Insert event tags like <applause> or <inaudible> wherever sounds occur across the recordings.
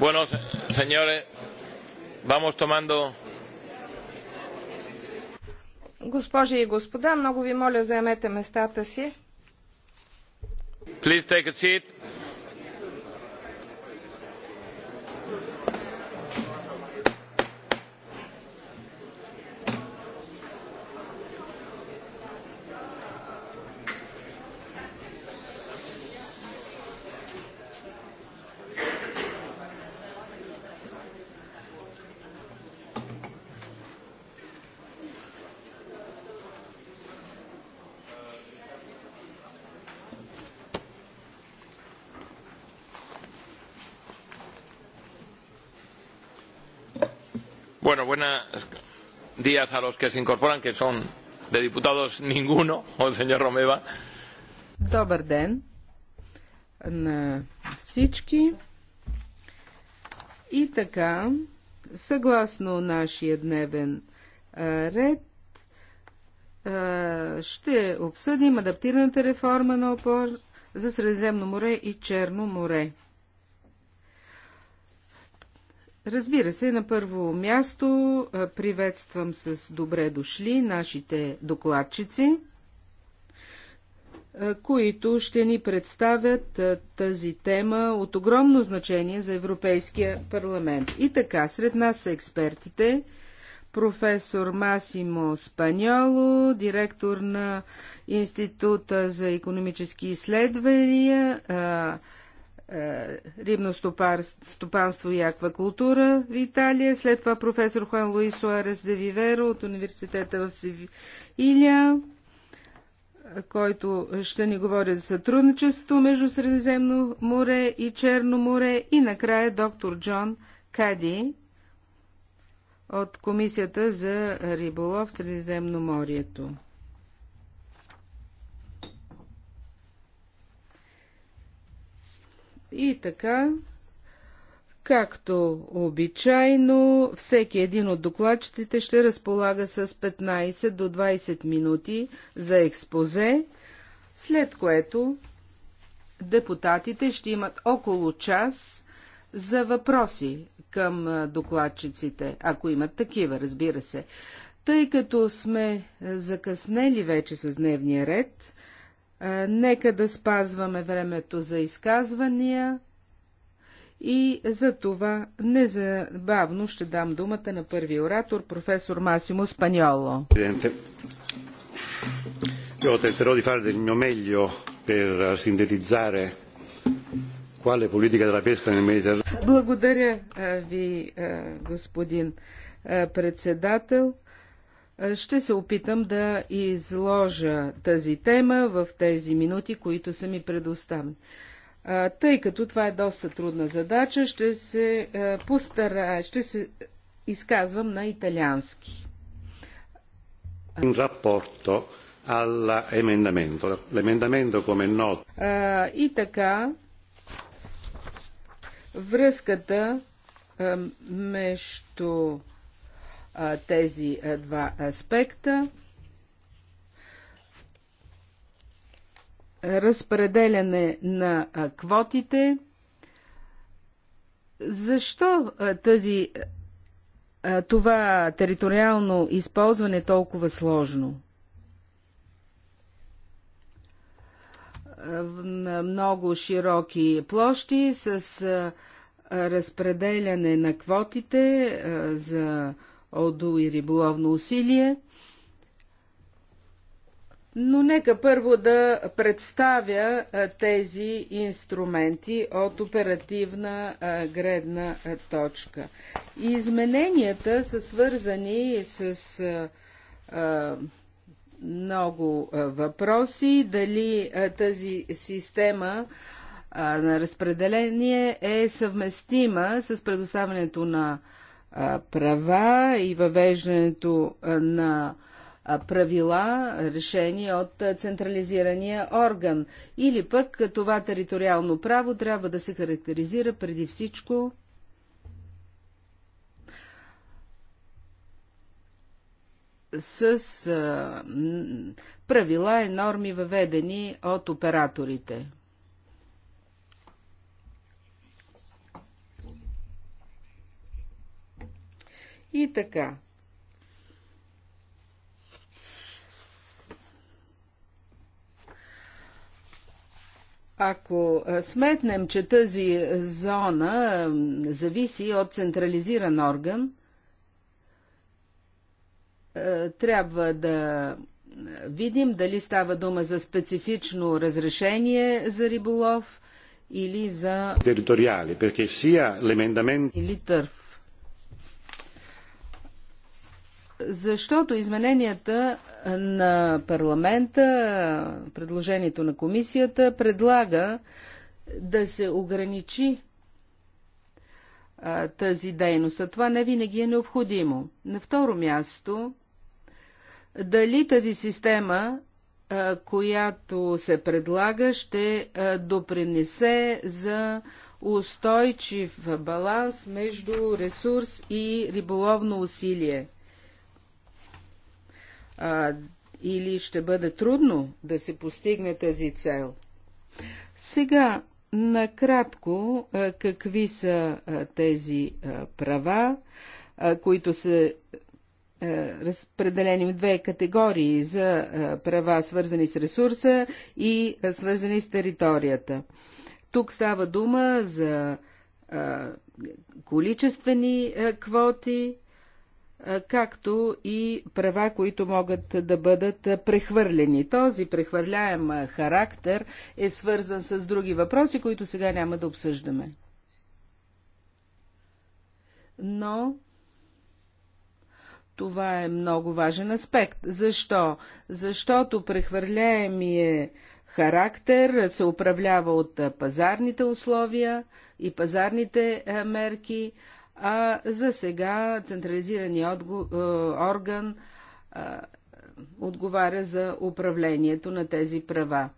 Bueno, señores, vamos tomando. Госпожи и господа, много ви моля, заемете местата си. Please take a seat. Bueno, buenos días a los que se incorporan, que son de diputados ninguno, o el señor Romeva. Добър ден на всички. И така, съгласно нашия дневен ред, ще обсъдим адаптираната реформа на опор за Средиземно море и Черно море. Разбира се, на първо място приветствам с добре дошли нашите докладчици, които ще ни представят тази тема от огромно значение за Европейския парламент. И така, сред нас са експертите, професор Масимо Спаньоло, директор на Института за економически изследвания, е, рибно стопанство и аквакултура в Италия, след това професор Хуан Луис Суарес де Виверо от университета в Севилия, който ще ни говори за сътрудничество между Средиземно море и Черно море и накрая доктор Джон Кади от Комисията за риболов в Средиземноморието. И така, както обичайно, всеки един от докладчиците ще разполага с 15 до 20 минути за експозе, след което депутатите ще имат около час за въпроси към докладчиците, ако имат такива, разбира се. Тъй като сме закъснели вече с дневния ред, Нека да спазваме времето за изказвания и за това незабавно ще дам думата на първи оратор, професор Масимо Спаньоло. Io tenterò di fare del mio meglio per sintetizzare quale politica della pesca nel Mediterraneo. Благодаря ви, господин председател. Ще се опитам да изложа тази тема в тези минути, които са ми предоставени. Тъй като това е доста трудна задача, ще се постара, ще се изказвам на италиански. Рапорто L'emendamento come noto. И така, връзката между тези два аспекта. Разпределяне на квотите. Защо тази, това териториално използване е толкова сложно? на много широки площи с разпределяне на квотите за ОДУ и риболовно усилие. Но нека първо да представя тези инструменти от оперативна гредна точка. Измененията са свързани с много въпроси. Дали тази система на разпределение е съвместима с предоставянето на права и въвеждането на правила, решени от централизирания орган. Или пък това териториално право трябва да се характеризира преди всичко с правила и норми въведени от операторите. И така. Ако сметнем, че тази зона зависи от централизиран орган, трябва да видим дали става дума за специфично разрешение за риболов или за териториали, perché sia l'emendamento или търф. защото измененията на парламента, предложението на комисията предлага да се ограничи а, тази дейност, а това не винаги е необходимо. На второ място, дали тази система, а, която се предлага, ще а, допринесе за устойчив баланс между ресурс и риболовно усилие а, или ще бъде трудно да се постигне тази цел. Сега, накратко, какви са тези права, които са разпределени в две категории за права, свързани с ресурса и свързани с територията. Тук става дума за количествени квоти, както и права, които могат да бъдат прехвърлени. Този прехвърляем характер е свързан с други въпроси, които сега няма да обсъждаме. Но това е много важен аспект. Защо? Защото прехвърляемият характер се управлява от пазарните условия и пазарните мерки, а за сега централизирания отго... Е, орган а, е, отговаря за управлението на тези права.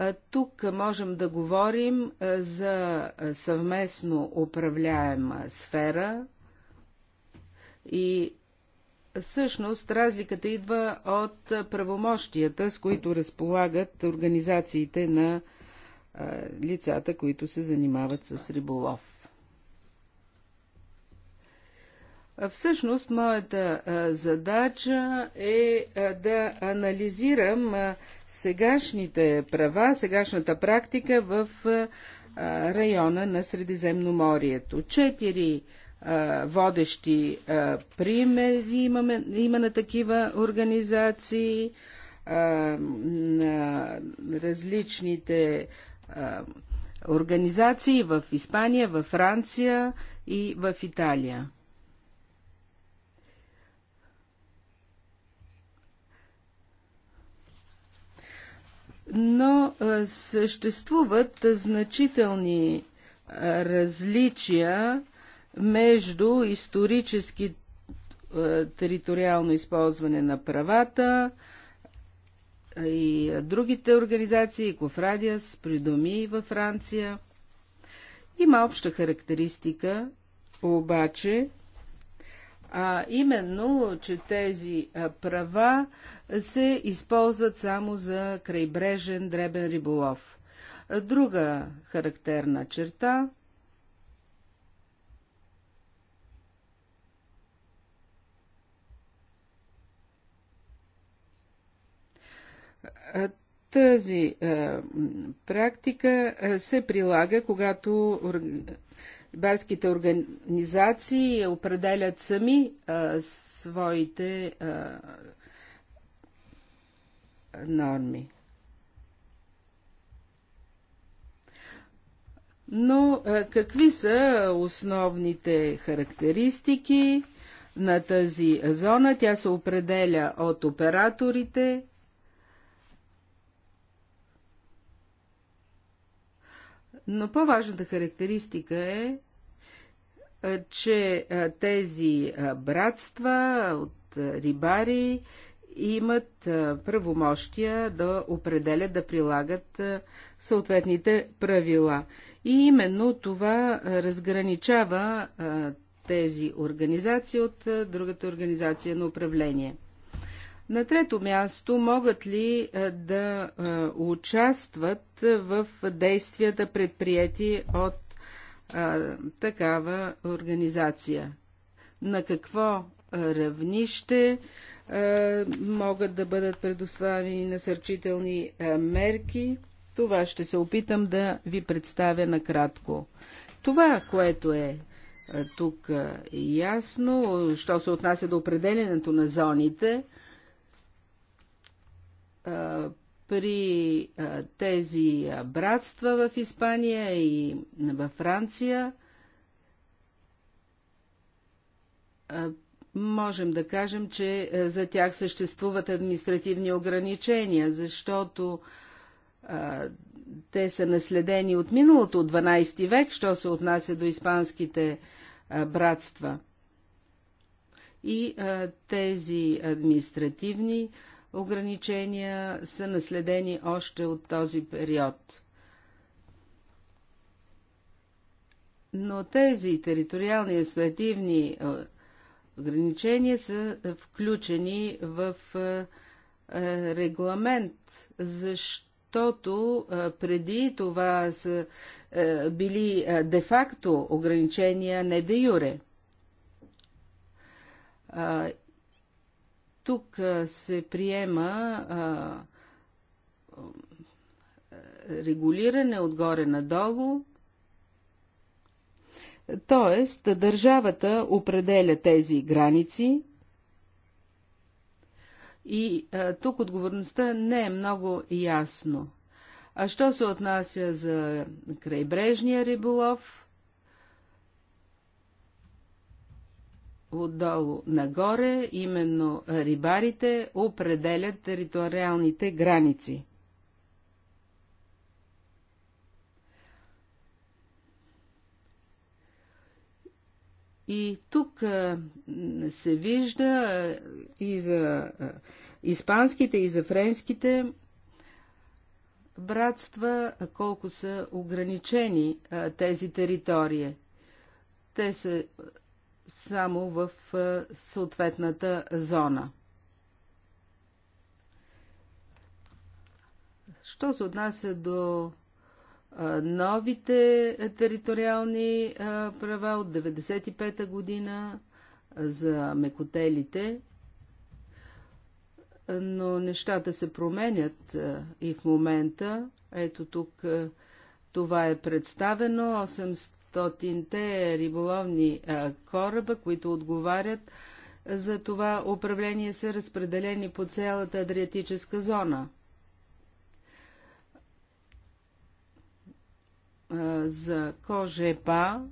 Е, тук можем да говорим за съвместно управляема сфера и всъщност разликата идва от правомощията, с които разполагат организациите на лицата, които се занимават с риболов. Всъщност, моята задача е да анализирам сегашните права, сегашната практика в района на Средиземноморието. Четири водещи примери имаме, има на такива организации, на различните организации в Испания, в Франция и в Италия. но съществуват значителни различия между исторически териториално използване на правата и другите организации, Кофрадиас, Придоми във Франция. Има обща характеристика, обаче а именно, че тези права се използват само за крайбрежен дребен риболов. Друга характерна черта Тази е, практика се прилага, когато Барските организации определят сами а, своите а, норми. Но а, какви са основните характеристики на тази зона? Тя се определя от операторите Но по-важната характеристика е, че тези братства от рибари имат правомощия да определят, да прилагат съответните правила. И именно това разграничава тези организации от другата организация на управление. На трето място, могат ли е, да е, участват в действията предприяти от е, такава организация? На какво равнище могат да бъдат предоставени насърчителни мерки? Това ще се опитам да ви представя накратко. Това, което е тук ясно, що се отнася до определенето на зоните – при тези братства в Испания и във Франция можем да кажем, че за тях съществуват административни ограничения, защото те са наследени от миналото, от 12 век, що се отнася до испанските братства. И тези административни ограничения са наследени още от този период. Но тези териториални асфалтивни ограничения са включени в регламент, защото преди това са били де-факто ограничения, не де-юре. Тук се приема а, регулиране отгоре надолу, т.е. държавата определя тези граници и а, тук отговорността не е много ясно. А що се отнася за крайбрежния риболов, отдолу нагоре, именно рибарите определят териториалните граници. И тук се вижда и за испанските, и за френските братства, колко са ограничени тези територии. Те са само в съответната зона. Що се отнася до новите териториални права от 1995 година за мекотелите, но нещата се променят и в момента. Ето тук това е представено. 800 500-те риболовни кораба, които отговарят за това управление, са разпределени по цялата Адриатическа зона. За Кожепа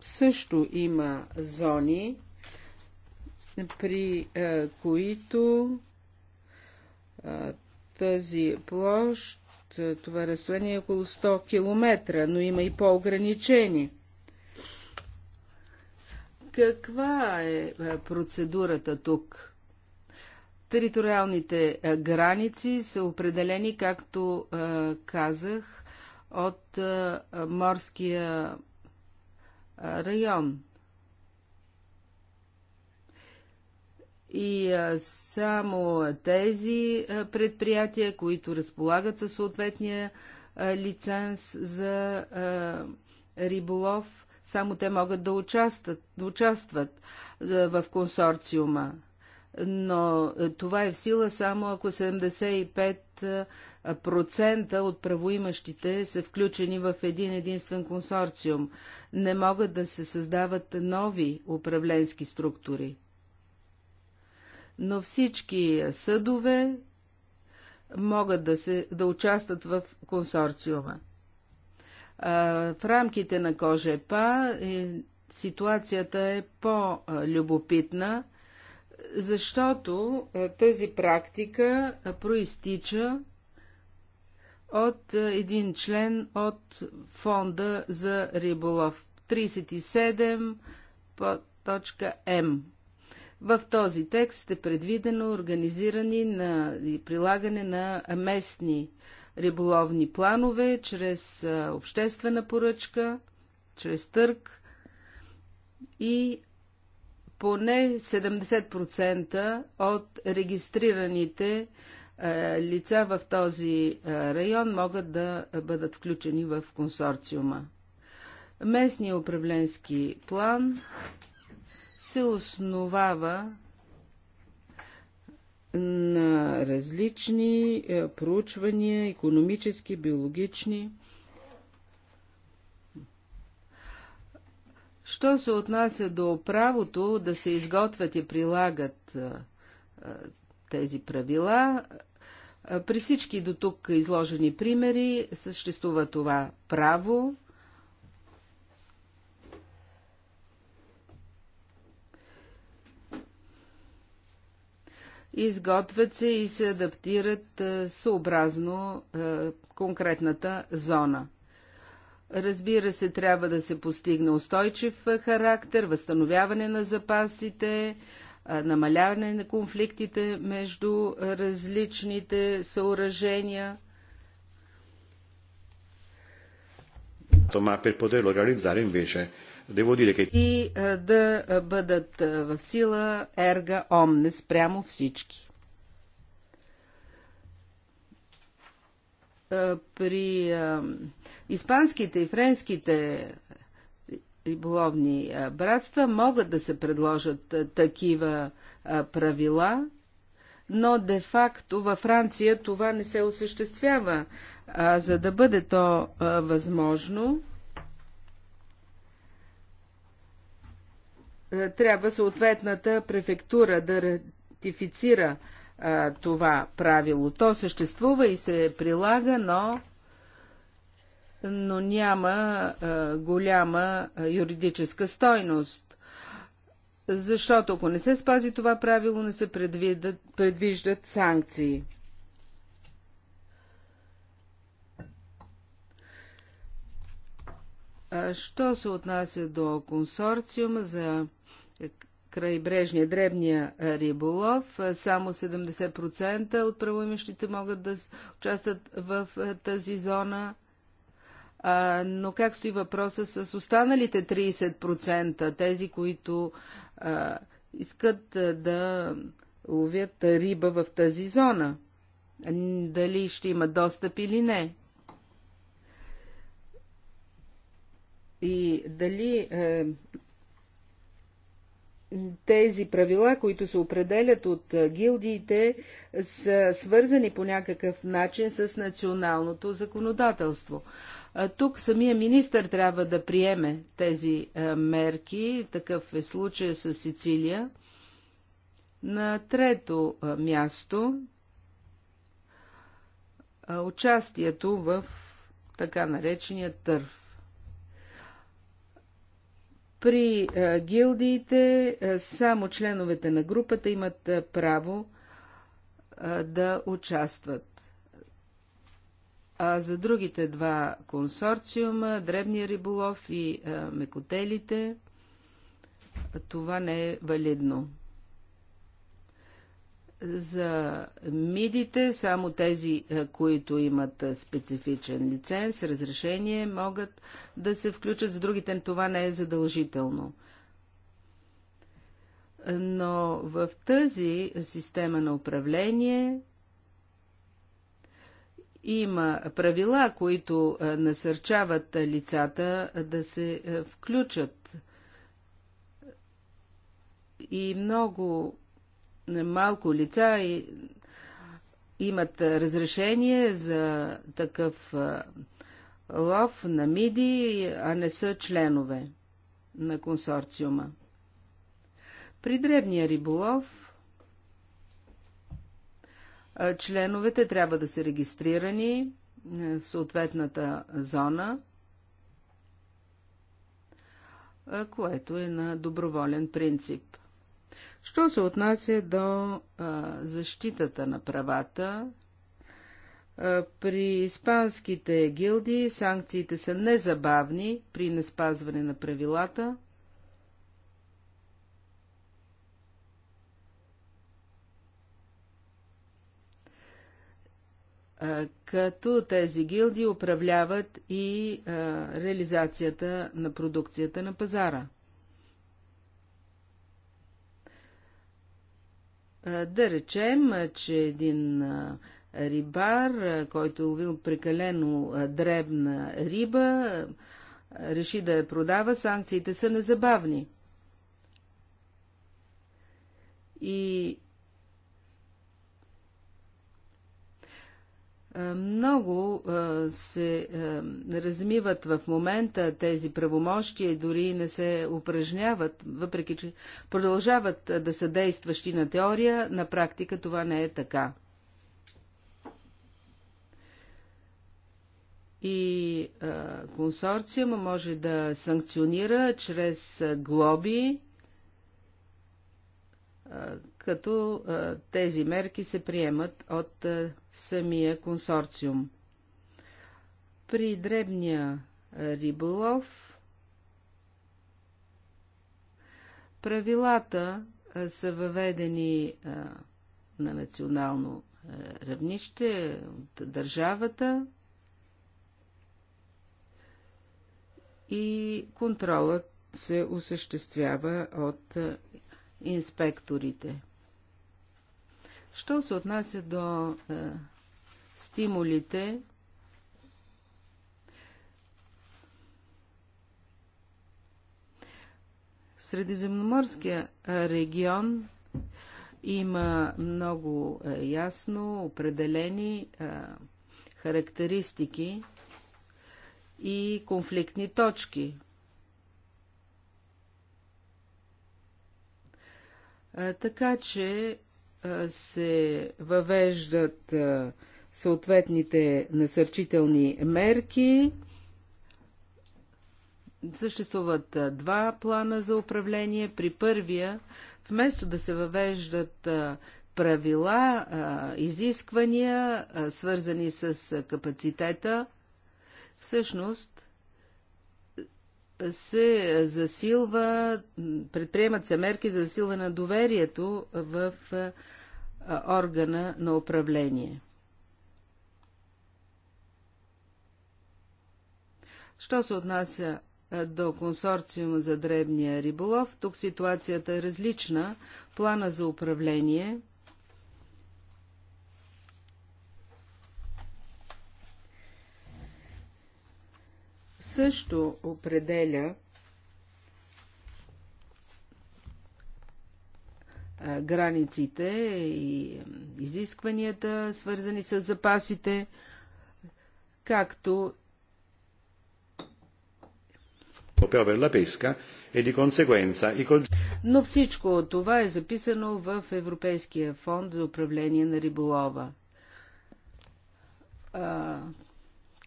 също има зони, при които тази площ е, това разстояние е около 100 км, но има и по-ограничени. Каква е, е процедурата тук? Териториалните е, граници са определени, както казах, от морския район. и само тези предприятия, които разполагат със съответния лиценз за риболов, само те могат да участват, да участват в консорциума. Но това е в сила само ако 75% от правоимащите са включени в един единствен консорциум. Не могат да се създават нови управленски структури но всички съдове могат да, се, да участват в консорциума. В рамките на Кожепа е, ситуацията е по-любопитна, защото тази практика проистича от един член от фонда за риболов 37 по точка М. В този текст е предвидено организиране на и прилагане на местни риболовни планове чрез обществена поръчка, чрез търг и поне 70% от регистрираните лица в този район могат да бъдат включени в консорциума. Местният управленски план се основава на различни е, проучвания, економически, биологични. Що се отнася до правото да се изготвят и прилагат е, е, тези правила, при всички до тук изложени примери съществува това право, изготвят се и се адаптират съобразно конкретната зона. Разбира се, трябва да се постигне устойчив характер, възстановяване на запасите, намаляване на конфликтите между различните съоръжения. Ma per poterlo realizzare invece и е, да е, бъдат е, в сила ерга омне спрямо всички. При испанските и френските риболовни братства могат да се предложат такива правила, но де-факто във Франция това не се осъществява. А, за да бъде то възможно, Е, трябва съответната префектура да ратифицира а, е, това правило. То съществува и се прилага, но, но няма а, е, голяма а, юридическа стойност. Защото ако не се спази това правило, не се предвиждат, предвиждат санкции. Що се отнася до консорциума за е крайбрежния, дребния е, риболов. Е, само 70% от правоимащите могат да участват в тази зона. Но как стои въпроса с останалите 30%, тези, които искат да ловят риба в тази зона? Дали ще има достъп или не? И дали тези правила, които се определят от гилдиите, са свързани по някакъв начин с националното законодателство. Тук самия министр трябва да приеме тези мерки. Такъв е случая с Сицилия. На трето място участието в така наречения търв. При е, гилдиите е, само членовете на групата имат е, право да участват. А за другите два консорциума, дребния риболов и мекотелите, това не е валидно. За мидите, само тези, е, които имат е, специфичен лиценз, разрешение, могат да се включат, с другите това не е задължително. Но в тази система на управление има правила, които е, насърчават лицата да се включат. И много малко лица и имат разрешение за такъв лов на миди, а не са членове на консорциума. При дребния риболов членовете трябва да са регистрирани в съответната зона, което е на доброволен принцип. Що се отнася до а, защитата на правата, а, при испанските гилдии санкциите са незабавни при неспазване на правилата. като тези гилди управляват и а, реализацията на продукцията на пазара. Да речем, че един рибар, който е ловил прекалено дребна риба, реши да я продава, санкциите са незабавни. И Е, много е, се е, размиват в момента тези правомощия и дори не се упражняват, въпреки че продължават да са действащи на теория, на практика това не е така. И консорциума може да санкционира чрез глоби като тези мерки се приемат от самия консорциум. При дребния риболов правилата са въведени на национално равнище от държавата и контролът се осъществява от инспекторите. Що се отнася до е, стимулите, Средиземноморския е, регион има много е, ясно определени е, характеристики и конфликтни точки. Е, така че се въвеждат съответните насърчителни мерки. Съществуват два плана за управление. При първия, вместо да се въвеждат правила, изисквания, свързани с капацитета, всъщност се засилва, предприемат се мерки за засилване на доверието в органа на управление. Що се отнася до консорциума за дребния риболов, тук ситуацията е различна. Плана за управление – също определя границите и изискванията, свързани с запасите, както e но всичко това е записано в Европейския фонд за управление на риболова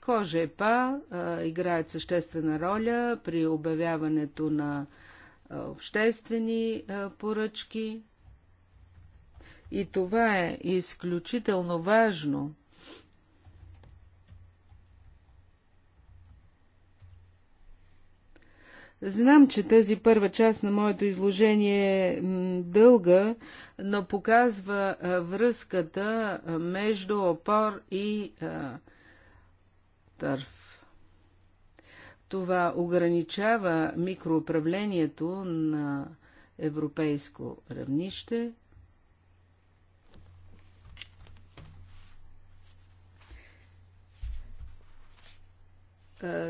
а, играят съществена роля при обявяването на обществени поръчки. И това е изключително важно. Знам, че тази първа част на моето изложение е дълга, но показва връзката между опор и а, търв. Това ограничава микроуправлението на европейско равнище.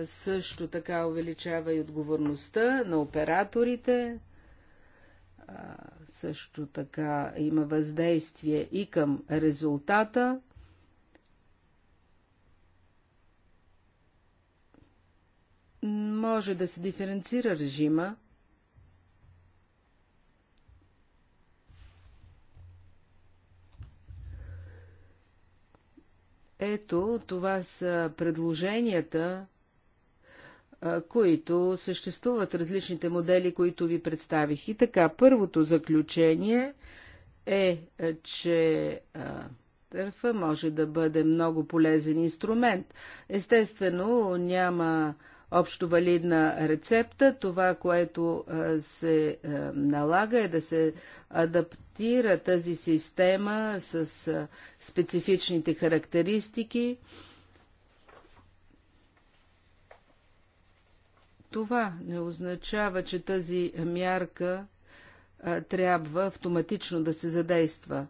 Също така увеличава и отговорността на операторите, също така има въздействие и към резултата може да се диференцира режима. Ето, това са предложенията, които съществуват различните модели, които ви представих. И така, първото заключение е, че търфа може да бъде много полезен инструмент. Естествено, няма общо валидна рецепта. Това, което се налага е да се адаптира тази система с специфичните характеристики. Това не означава, че тази мярка трябва автоматично да се задейства.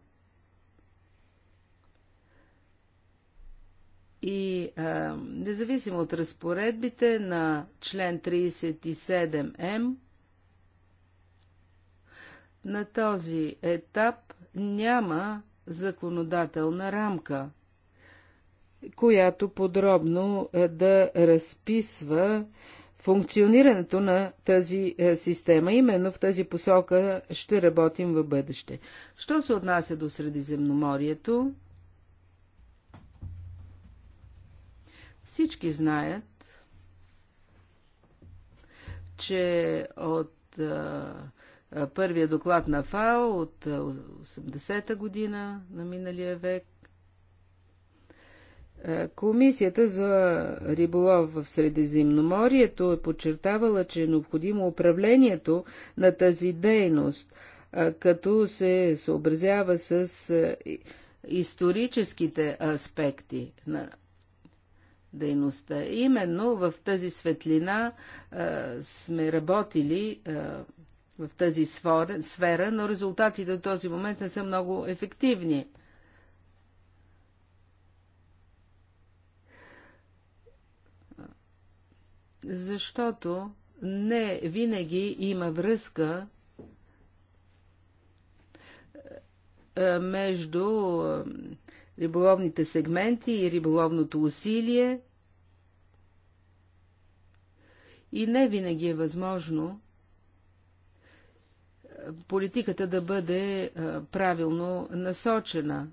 и а, независимо от разпоредбите на член 37М, на този етап няма законодателна рамка, която подробно да разписва функционирането на тази система. Именно в тази посока ще работим в бъдеще. Що се отнася до Средиземноморието, Всички знаят, че от а, първия доклад на ФАО от 80-та година на миналия век Комисията за риболов в Средиземноморието е подчертавала, че е необходимо управлението на тази дейност, като се съобразява с историческите аспекти на дейността. Именно в тази светлина сме работили в тази сфера, но резултатите до този момент не са много ефективни. Защото не винаги има връзка между риболовните сегменти и риболовното усилие и не винаги е възможно политиката да бъде правилно насочена.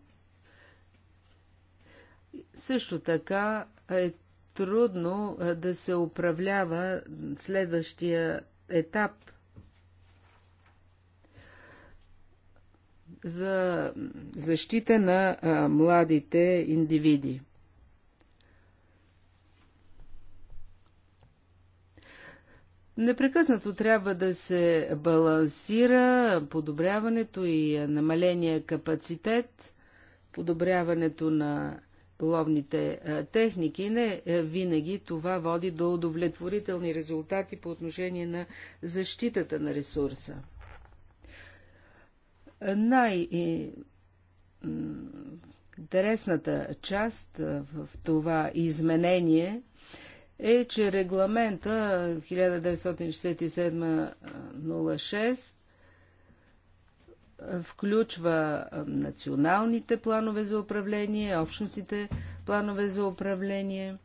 Също така е трудно да се управлява следващия етап за защита на младите индивиди. Непрекъснато трябва да се балансира подобряването и намаления капацитет, подобряването на ловните техники. Не винаги това води до удовлетворителни резултати по отношение на защитата на ресурса. Най- Интересната част в това изменение – е, че регламента 1967-06 включва националните планове за управление, общностите планове за управление.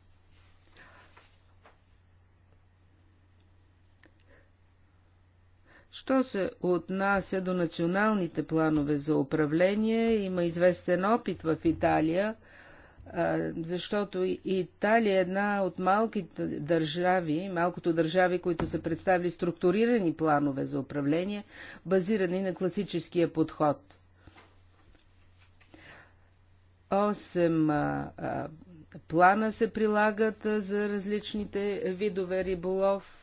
Що се отнася до националните планове за управление, има известен опит в Италия – защото Италия е една от малките държави, малкото държави, които са представили структурирани планове за управление, базирани на класическия подход. Осем плана се прилагат за различните видове риболов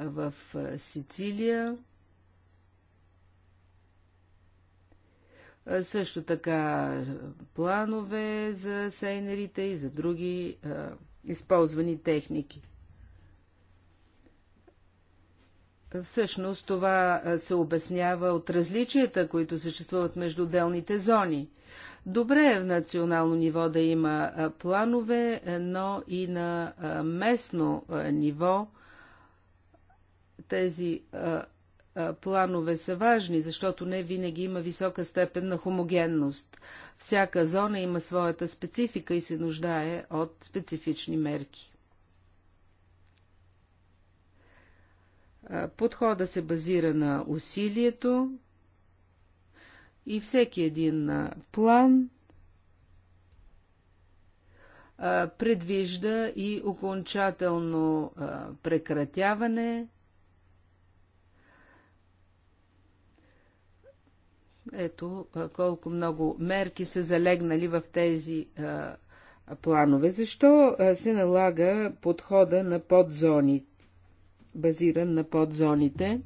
в Сицилия. Също така планове за сейнерите и за други а, използвани техники. Всъщност това се обяснява от различията, които съществуват между отделните зони. Добре е в национално ниво да има планове, но и на местно ниво тези а, а, планове са важни, защото не винаги има висока степен на хомогенност. Всяка зона има своята специфика и се нуждае от специфични мерки. Подхода се базира на усилието и всеки един план предвижда и окончателно прекратяване Ето колко много мерки са залегнали в тези а, планове. Защо се налага подхода на подзони, базиран на подзоните?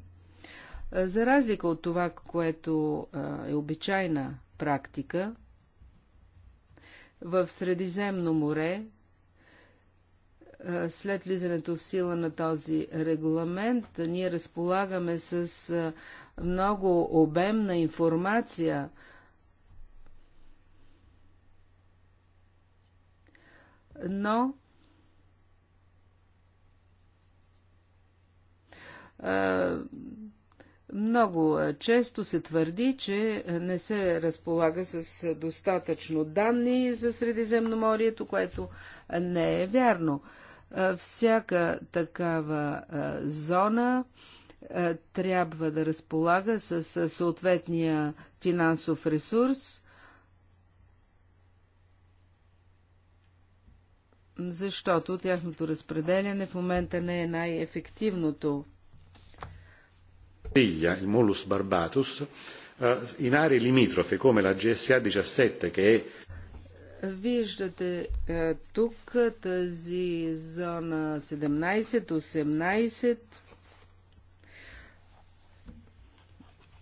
За разлика от това, което е обичайна практика, в Средиземно море, след влизането в сила на този регламент, ние разполагаме с много обемна информация. Но много често се твърди, че не се разполага с достатъчно данни за Средиземноморието, което не е вярно. Всяка такава зона е, трябва да разполага с съответния финансов ресурс, защото тяхното разпределяне в момента не е най-ефективното. Il Mollus barbatus е, in aree limitrofe come la GSA 17 che è Виждате е, тук тази зона 17-18,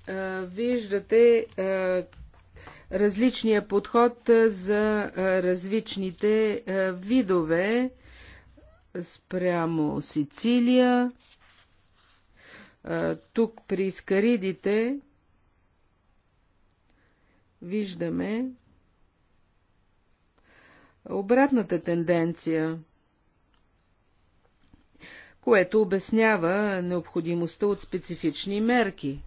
Е, виждате е, различния подход е, за различните видове спрямо Сицилия. Тук при Скаридите виждаме обратната тенденция, което обяснява необходимостта от специфични мерки.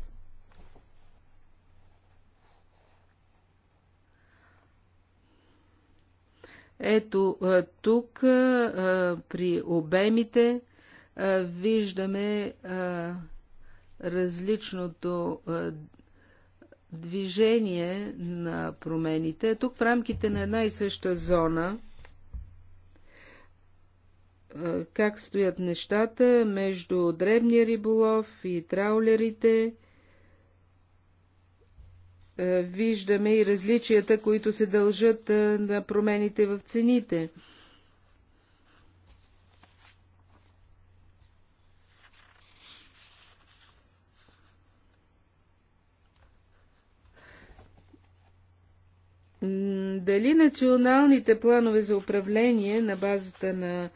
Ето тук при обемите виждаме различното движение на промените. Тук в рамките на една и съща зона как стоят нещата между дребния риболов и траулерите, е, виждаме и различията, които се дължат е, на промените в цените. Дали националните планове за управление на базата на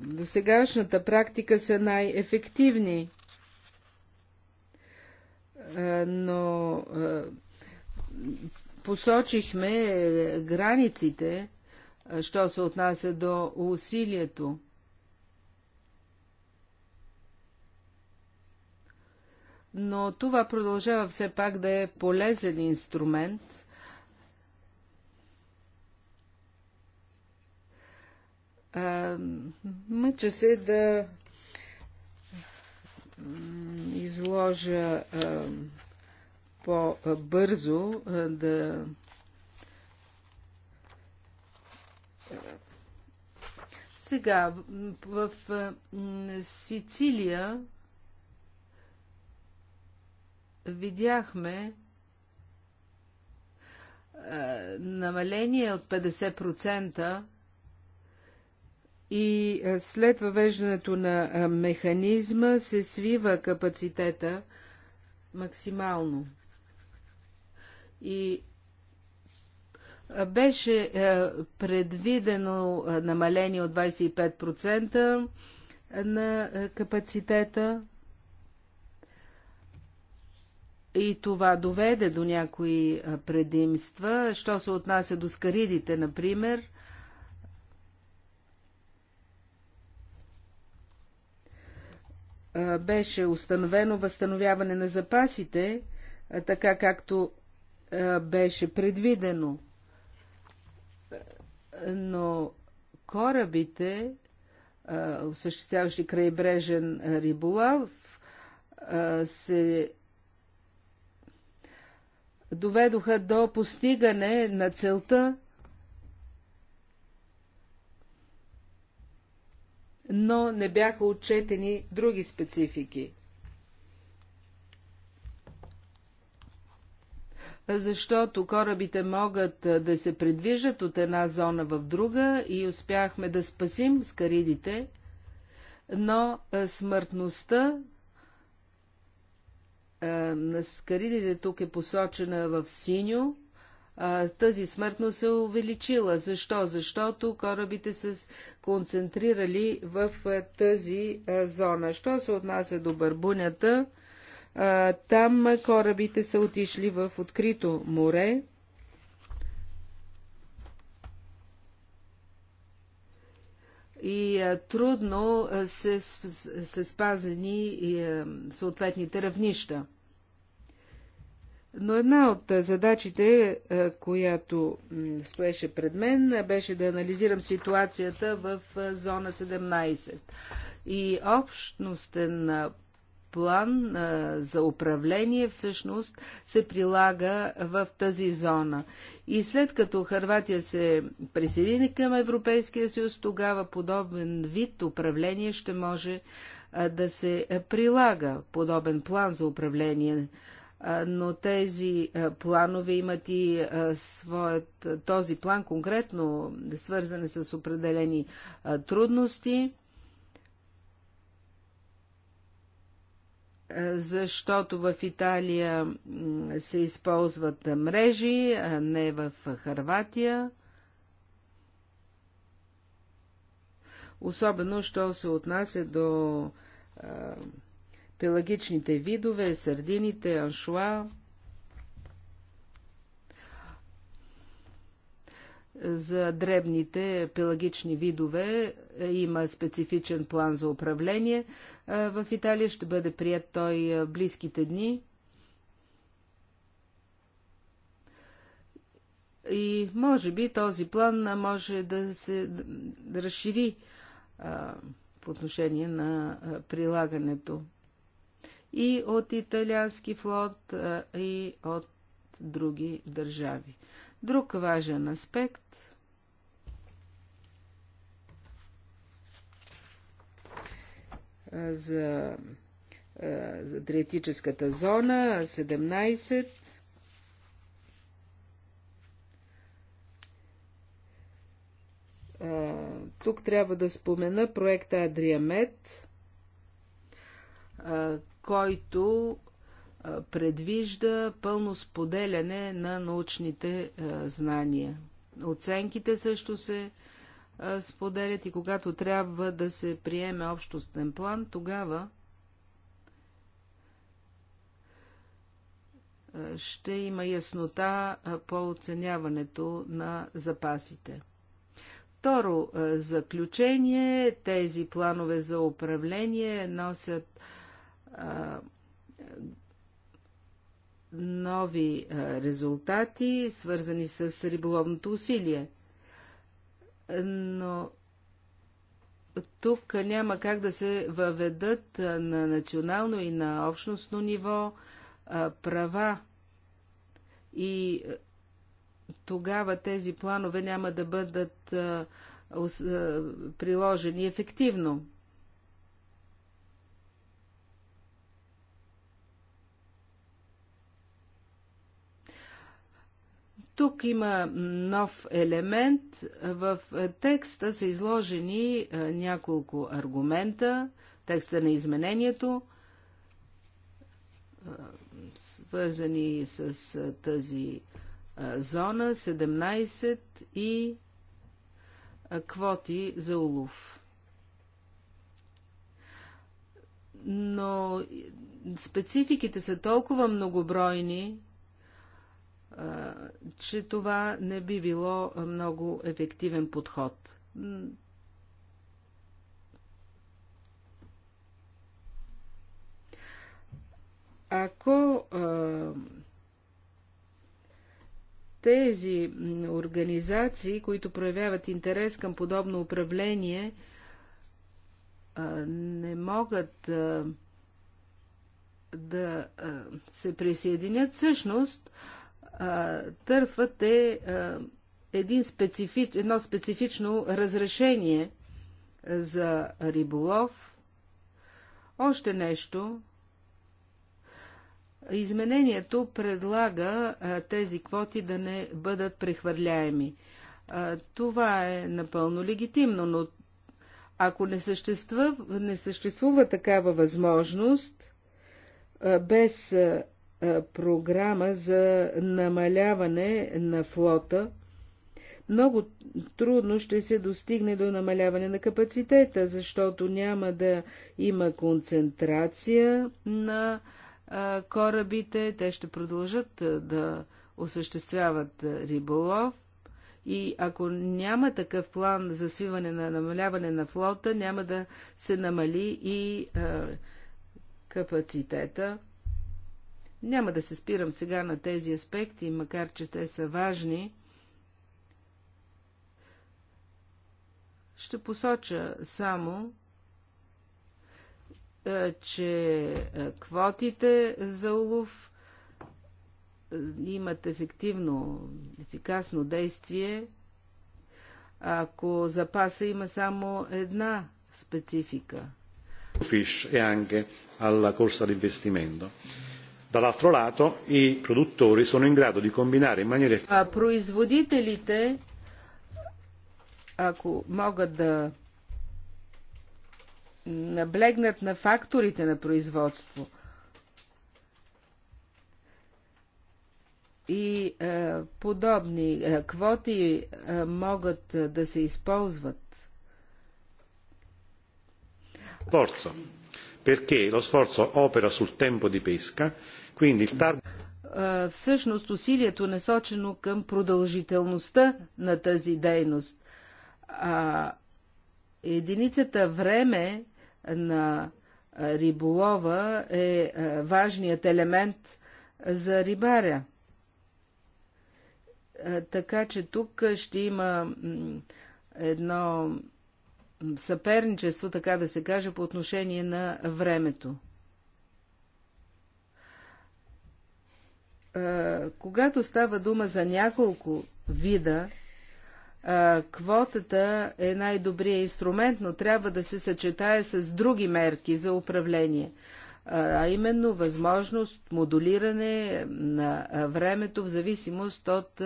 досегашната практика са най-ефективни? Е, но е, посочихме границите, е, що се отнася до усилието. Но това продължава все пак да е полезен инструмент – мъча се да изложа по-бързо да сега, в Сицилия видяхме намаление от 50% и е, след въвеждането на е, механизма се свива капацитета максимално. И е, беше предвидено намаление от 25% на капацитета и това доведе до някои предимства. Що се отнася до скаридите, например – беше установено възстановяване на запасите, така както беше предвидено. Но корабите, осъществяващи крайбрежен риболов, се доведоха до постигане на целта но не бяха отчетени други специфики. Защото корабите могат да се придвижат от една зона в друга и успяхме да спасим скаридите, но смъртността на скаридите тук е посочена в синьо, тази смъртност се увеличила. Защо? Защото корабите са концентрирали в тази зона. Що се отнася до Барбунята? Там корабите са отишли в открито море. И трудно се, се спазени съответните равнища. Но една от задачите, която стоеше пред мен, беше да анализирам ситуацията в зона 17. И общностен план за управление всъщност се прилага в тази зона. И след като Харватия се присъедини към Европейския съюз, тогава подобен вид управление ще може да се прилага подобен план за управление но тези планове имат и своят, този план конкретно свързан с определени трудности, защото в Италия се използват мрежи, а не в Харватия. Особено, що се отнася до пелагичните видове, сардините, аншуа. За дребните пелагични видове е, има специфичен план за управление. Е, в Италия ще бъде прият той е, близките дни. И може би този план може да се разшири по отношение на прилагането и от италиански флот, и от други държави. Друг важен аспект за, за Адриатическата зона 17 Тук трябва да спомена проекта Адриамет, който предвижда пълно споделяне на научните знания. Оценките също се споделят и когато трябва да се приеме общостен план, тогава ще има яснота по оценяването на запасите. Второ заключение, тези планове за управление носят нови резултати, свързани с риболовното усилие. Но тук няма как да се въведат на национално и на общностно ниво права. И тогава тези планове няма да бъдат приложени ефективно. Тук има нов елемент. В текста са изложени е, няколко аргумента, текста на изменението, е, свързани с е, тази зона 17 и квоти за улов. Но спецификите са толкова многобройни, че това не би било много ефективен подход. Ако тези организации, които проявяват интерес към подобно управление, не могат да се присъединят, всъщност търфът е един специфич, едно специфично разрешение за риболов. Още нещо. Изменението предлага тези квоти да не бъдат прехвърляеми. Това е напълно легитимно, но ако не съществува, не съществува такава възможност, без програма за намаляване на флота, много трудно ще се достигне до намаляване на капацитета, защото няма да има концентрация на корабите, те ще продължат да осъществяват риболов и ако няма такъв план за свиване на намаляване на флота, няма да се намали и капацитета няма да се спирам сега на тези аспекти, макар че те са важни. Ще посоча само, е, че е, квотите за улов е, имат ефективно, ефикасно действие, ако запаса има само една специфика. Fish e anche alla corsa all'investimento. Dall'altro lato i produttori sono in grado di combinare in maniera efficace. производителите, ако могат да наблегнат на факторите на производство и е, подобни е, квоти е, могат да се използват. Forza perché lo sforzo opera sul tempo di pesca, quindi il target е, всъщност усилието е насочено към продължителността на тази дейност. А, единицата време на риболова е, е важният елемент за рибаря. Е, така че тук ще има едно съперничество, така да се каже, по отношение на времето. Когато става дума за няколко вида, квотата е най-добрият инструмент, но трябва да се съчетае с други мерки за управление, а именно възможност модулиране на времето в зависимост от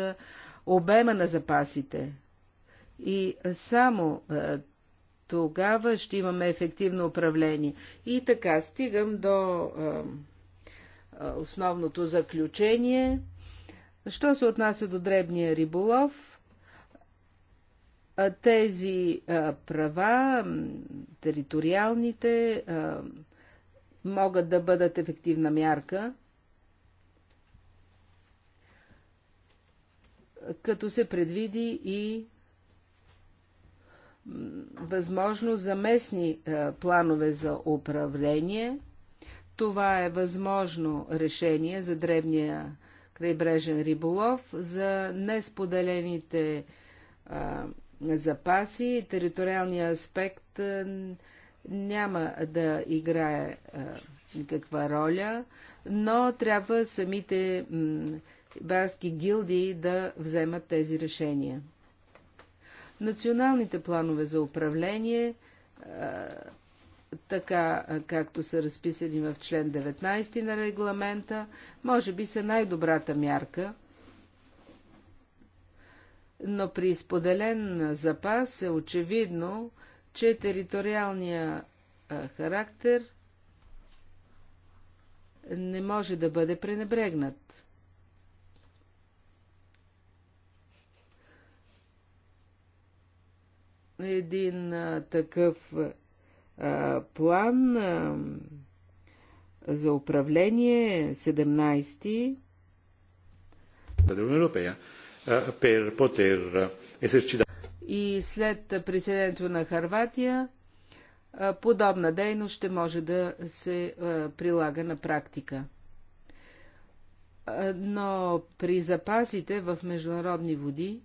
обема на запасите. И само тогава ще имаме ефективно управление. И така, стигам до основното заключение. Що се отнася до дребния риболов, тези а, права, териториалните, а, могат да бъдат ефективна мярка, като се предвиди и Възможно за местни е, планове за управление. Това е възможно решение за древния крайбрежен риболов, за несподелените е, запаси и териториалния аспект е, няма да играе никаква роля, но трябва самите баски гилдии да вземат тези решения. Националните планове за управление, така както са разписани в член 19 на регламента, може би са най-добрата мярка, но при споделен запас е очевидно, че териториалния характер не може да бъде пренебрегнат. един а, такъв а, план а, за управление 17 ти И след присъединението на Харватия, подобна дейност ще може да се прилага на практика. Но при запасите в международни води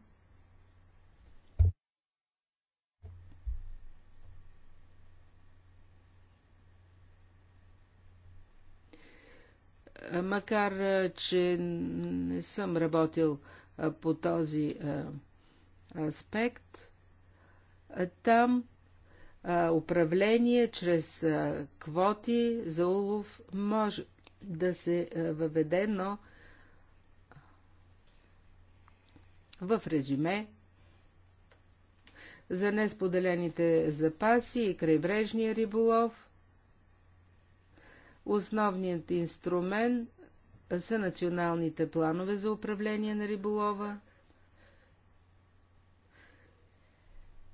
Е, макар, е, че не съм работил е, по този аспект, там управление чрез квоти за улов може да се въведе, но в резюме за несподелените запаси и крайбрежния риболов Основният инструмент са националните планове за управление на риболова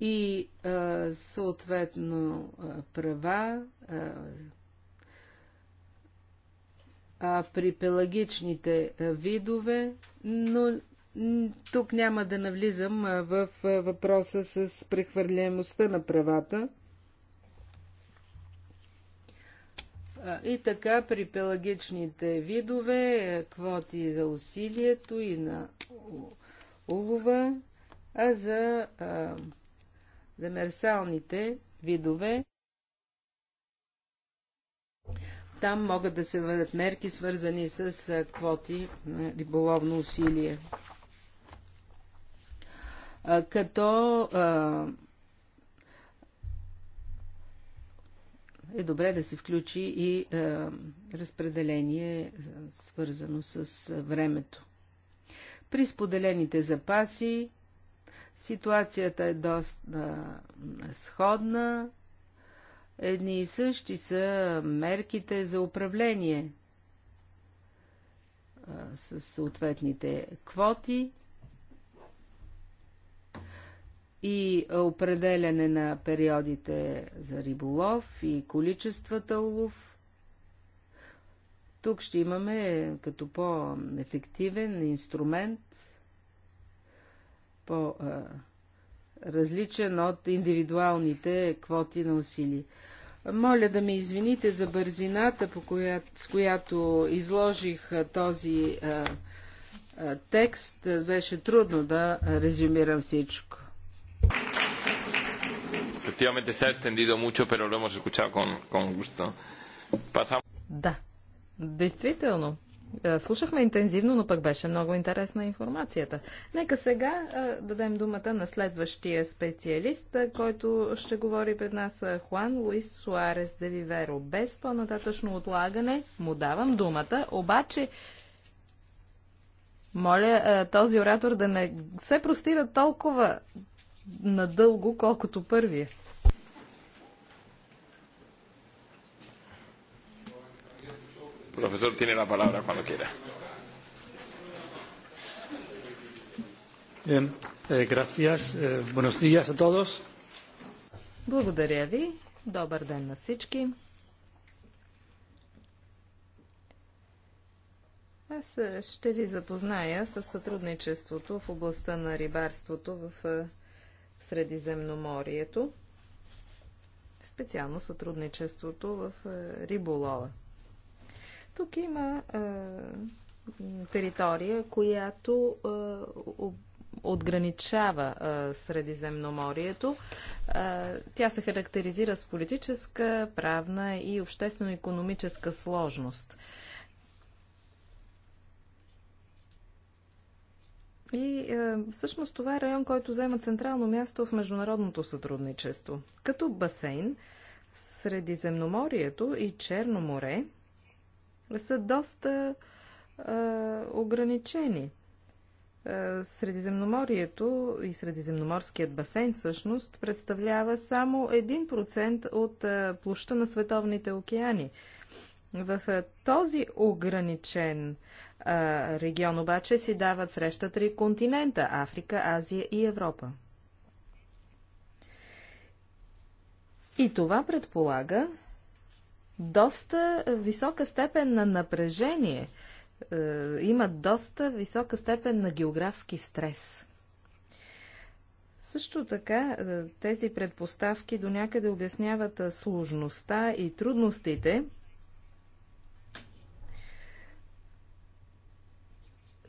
и а, съответно а, права, а, а при пелагичните видове, но тук няма да навлизам в въпроса с прехвърляемостта на правата. И така при пелагичните видове е, квоти за усилието и на улова, а за демерсалните видове там могат да се въдат мерки, свързани с квоти на риболовно усилие. А, като е добре да се включи и е, разпределение, е, свързано с времето. При споделените запаси ситуацията е доста е, сходна. Едни и същи са мерките за управление е, с съответните квоти и определяне на периодите за риболов и количествата улов. Тук ще имаме като по-ефективен инструмент, по-различен от индивидуалните квоти на усили. Моля да ме извините за бързината, по коя, с която изложих този а, а, текст. Беше трудно да резюмирам всичко. Efectivamente se ha extendido mucho, pero lo hemos escuchado con, con gusto. Pasamos. Да, действително. Е, слушахме интензивно, но пък беше много интересна информацията. Нека сега е, дадем думата на следващия специалист, е, който ще говори пред нас Хуан Луис Суарес де Виверо. Без по-нататъчно отлагане му давам думата, обаче моля този оратор да не се простира толкова надълго, колкото първия. Професор, tiene la palabra cuando quiera. Bien, eh, gracias. Eh, buenos días a todos. Благодаря ви. Добър ден на всички. Аз е, ще ви запозная с сътрудничеството в областта на рибарството в е, Средиземноморието, специално сътрудничеството в е, риболова. Тук има е, територия, която е, отграничава е, Средиземноморието. Е, тя се характеризира с политическа, правна и обществено-економическа сложност. Е, И е, всъщност това е район, който заема централно място в международното сътрудничество. Като басейн, Средиземноморието и Черно море са доста е, ограничени. Е, Средиземноморието и Средиземноморският басейн всъщност представлява само 1% от е, площа на световните океани. В е, този ограничен регион обаче си дават среща три континента – Африка, Азия и Европа. И това предполага доста висока степен на напрежение, е, има доста висока степен на географски стрес. Също така е, тези предпоставки до някъде обясняват е, сложността и трудностите –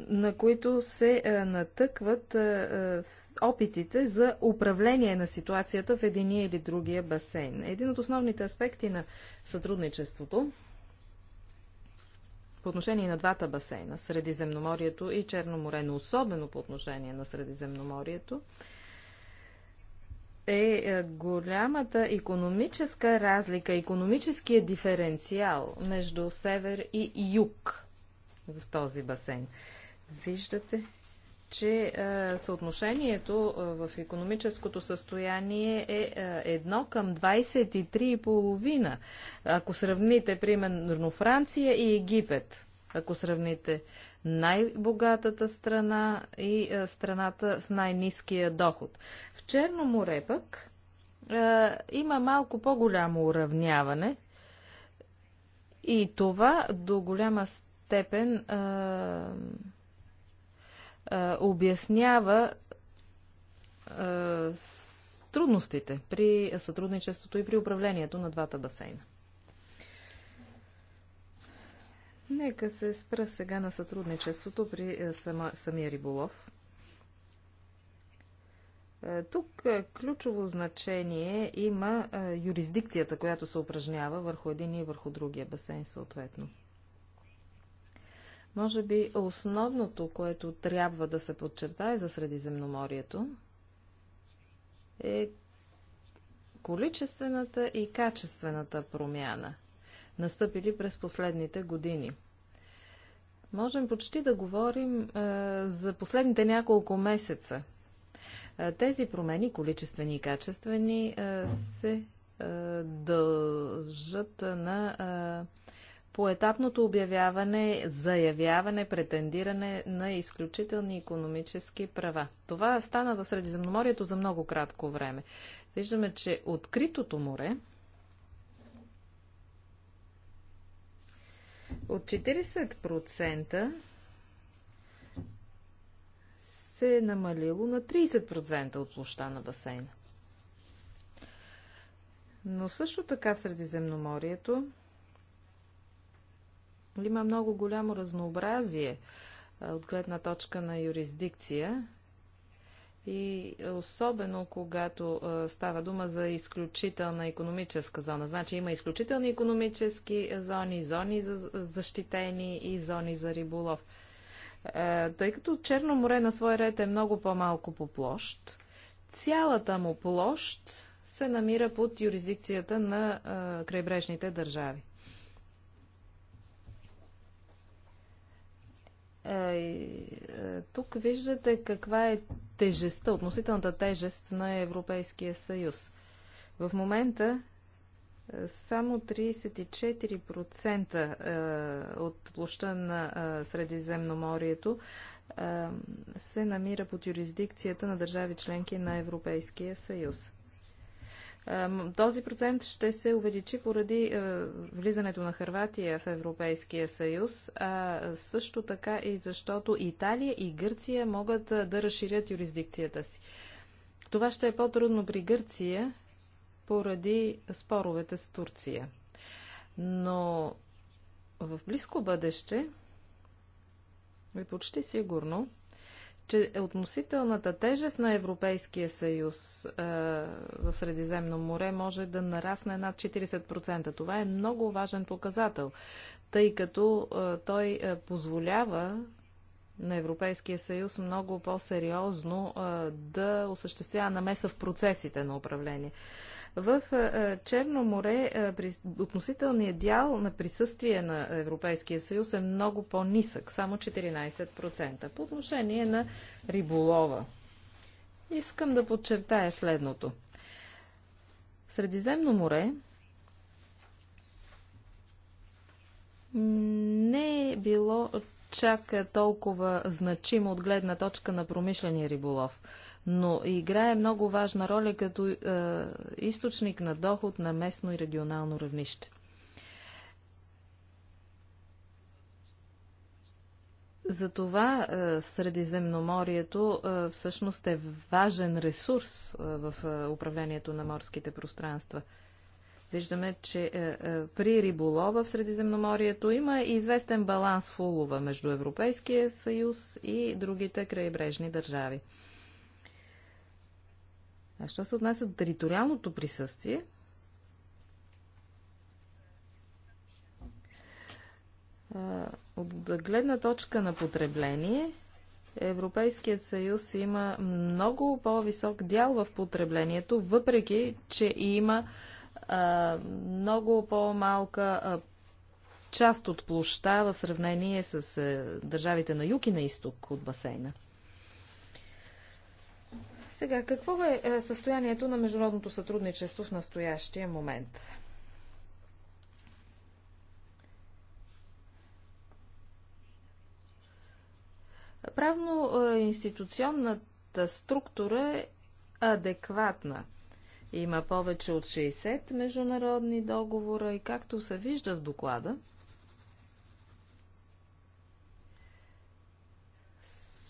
на които се е, натъкват е, е, опитите за управление на ситуацията в единия или другия басейн. Един от основните аспекти на сътрудничеството по отношение на двата басейна, Средиземноморието и Черноморе, но особено по отношение на Средиземноморието, е голямата економическа разлика, економическия диференциал между север и юг в този басейн. Виждате, че съотношението в економическото състояние е едно към 23,5. Ако сравните, примерно, Франция и Египет, ако сравните най-богатата страна и страната с най-низкия доход. В Черно море пък има малко по-голямо уравняване и това до голяма степен а, обяснява а, трудностите при сътрудничеството и при управлението на двата басейна. Нека се спра сега на сътрудничеството при сама, самия риболов. Тук ключово значение има юрисдикцията, която се упражнява върху един и върху другия басейн съответно. Може би основното, което трябва да се подчертае за Средиземноморието, е количествената и качествената промяна, настъпили през последните години. Можем почти да говорим е, за последните няколко месеца. Е, тези промени, количествени и качествени, е, се е, дължат на. Е, поетапното обявяване, заявяване, претендиране на изключителни економически права. Това стана в Средиземноморието за много кратко време. Виждаме, че откритото море от 40% се е намалило на 30% от площа на басейна. Но също така в Средиземноморието Нали, има много голямо разнообразие от гледна точка на юрисдикция и особено когато става дума за изключителна економическа зона. Значи има изключителни економически зони, зони за защитени и зони за риболов. тъй като Черно море на свой ред е много по-малко по площ, цялата му площ се намира под юрисдикцията на крайбрежните държави. Е, е, тук виждате каква е тежестта, относителната тежест на Европейския съюз. В момента е, само 34% от площа на Средиземноморието се намира под юрисдикцията на държави членки на Европейския съюз. Този процент ще се увеличи поради е, влизането на Харватия в Европейския съюз, а също така и защото Италия и Гърция могат е, да разширят юрисдикцията си. Това ще е по-трудно при Гърция поради споровете с Турция. Но в близко бъдеще е почти сигурно, че е относителната тежест на Европейския съюз е, в Средиземно море може да нарасне над 40%. Това е много важен показател, тъй като е, той позволява на Европейския съюз много по-сериозно да осъществява намеса в процесите на управление. В е, е, Черно море е, относителният дял на присъствие на Европейския съюз е много по-нисък, само 14%. По отношение на риболова, искам да подчертая следното. Средиземно море не е било чак толкова значимо от гледна точка на промишления риболов но играе много важна роля като е, източник на доход на местно и регионално равнище. Затова е, Средиземноморието е, всъщност е важен ресурс е, в е, управлението на морските пространства. Виждаме, че е, е, при риболова в Средиземноморието има известен баланс в улова между Европейския съюз и другите крайбрежни държави. А що се отнася до териториалното присъствие, от гледна точка на потребление, Европейският съюз има много по-висок дял в потреблението, въпреки че има а, много по-малка част от площа в сравнение с а, държавите на юг и на изток от басейна. Сега, какво е, е състоянието на международното сътрудничество в настоящия момент? Правно-институционната е, структура е адекватна. Има повече от 60 международни договора и както се вижда в доклада,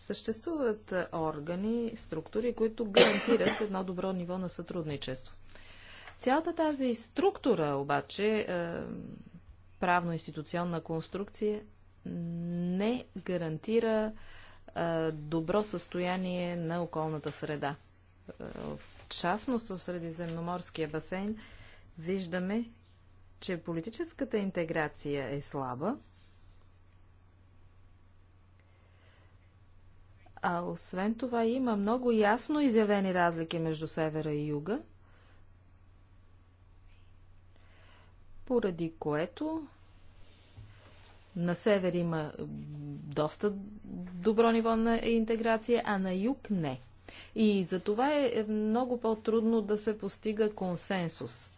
Съществуват органи, структури, които гарантират едно добро ниво на сътрудничество. Цялата тази структура обаче, правно-институционна конструкция, не гарантира добро състояние на околната среда. В частност в Средиземноморския басейн виждаме, че политическата интеграция е слаба, А освен това има много ясно изявени разлики между севера и юга, поради което на север има доста добро ниво на интеграция, а на юг не. И за това е много по-трудно да се постига консенсус.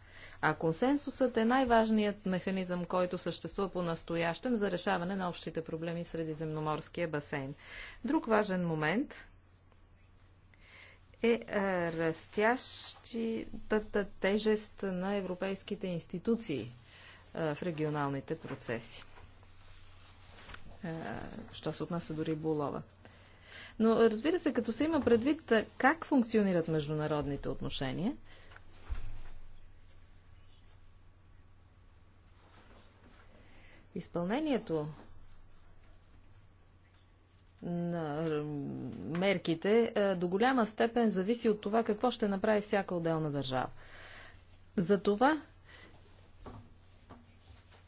А консенсусът е най-важният механизъм, който съществува по настоящен за решаване на общите проблеми в Средиземноморския басейн. Друг важен момент е, е растящата тежест на европейските институции е, в регионалните процеси. Е, що се отнася дори Булова. Но разбира се, като се има предвид как функционират международните отношения – Изпълнението на мерките е, до голяма степен зависи от това какво ще направи всяка отделна държава. Затова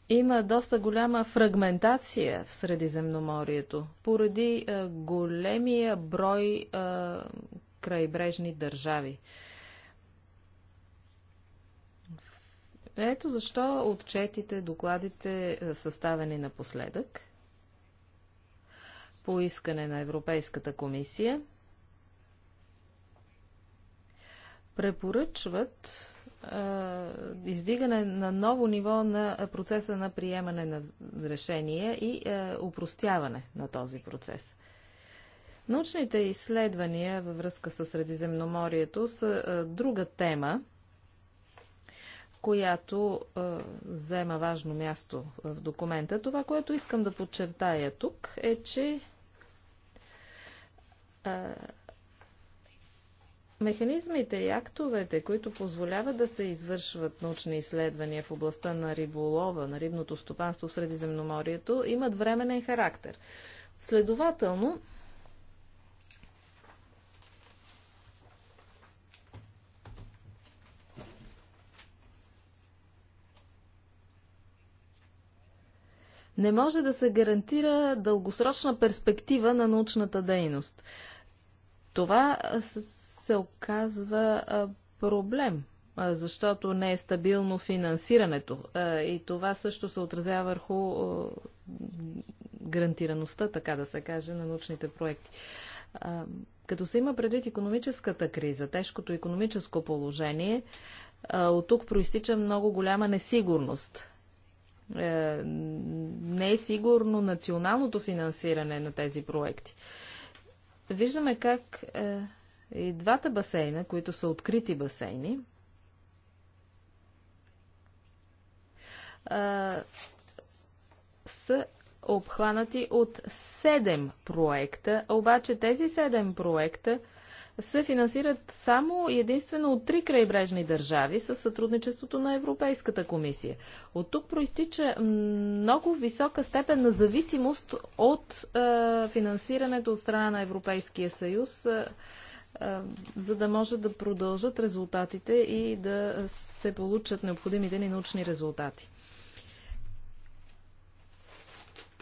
има доста голяма фрагментация в Средиземноморието поради е, големия брой е, крайбрежни държави. Ето защо отчетите, докладите, е, съставени напоследък, по искане на Европейската комисия, препоръчват е, издигане на ново ниво на процеса на приемане на решения и е, упростяване на този процес. Научните изследвания във връзка с Средиземноморието са е, друга тема, която а, заема важно място в документа. Това, което искам да подчертая тук е, че а, Механизмите и актовете, които позволяват да се извършват научни изследвания в областта на риболова, на рибното стопанство в Средиземноморието, имат временен характер. Следователно, не може да се гарантира дългосрочна перспектива на научната дейност. Това се оказва проблем, защото не е стабилно финансирането и това също се отразява върху гарантираността, така да се каже, на научните проекти. Като се има предвид економическата криза, тежкото економическо положение, от тук проистича много голяма несигурност е, не е сигурно националното финансиране на тези проекти. Виждаме как е, и двата басейна, които са открити басейни, е, са обхванати от 7 проекта, обаче тези 7 проекта се финансират само и единствено от три крайбрежни държави с сътрудничеството на Европейската комисия. От тук проистича много висока степен на зависимост от е, финансирането от страна на Европейския съюз, е, е, за да може да продължат резултатите и да се получат необходимите ни научни резултати.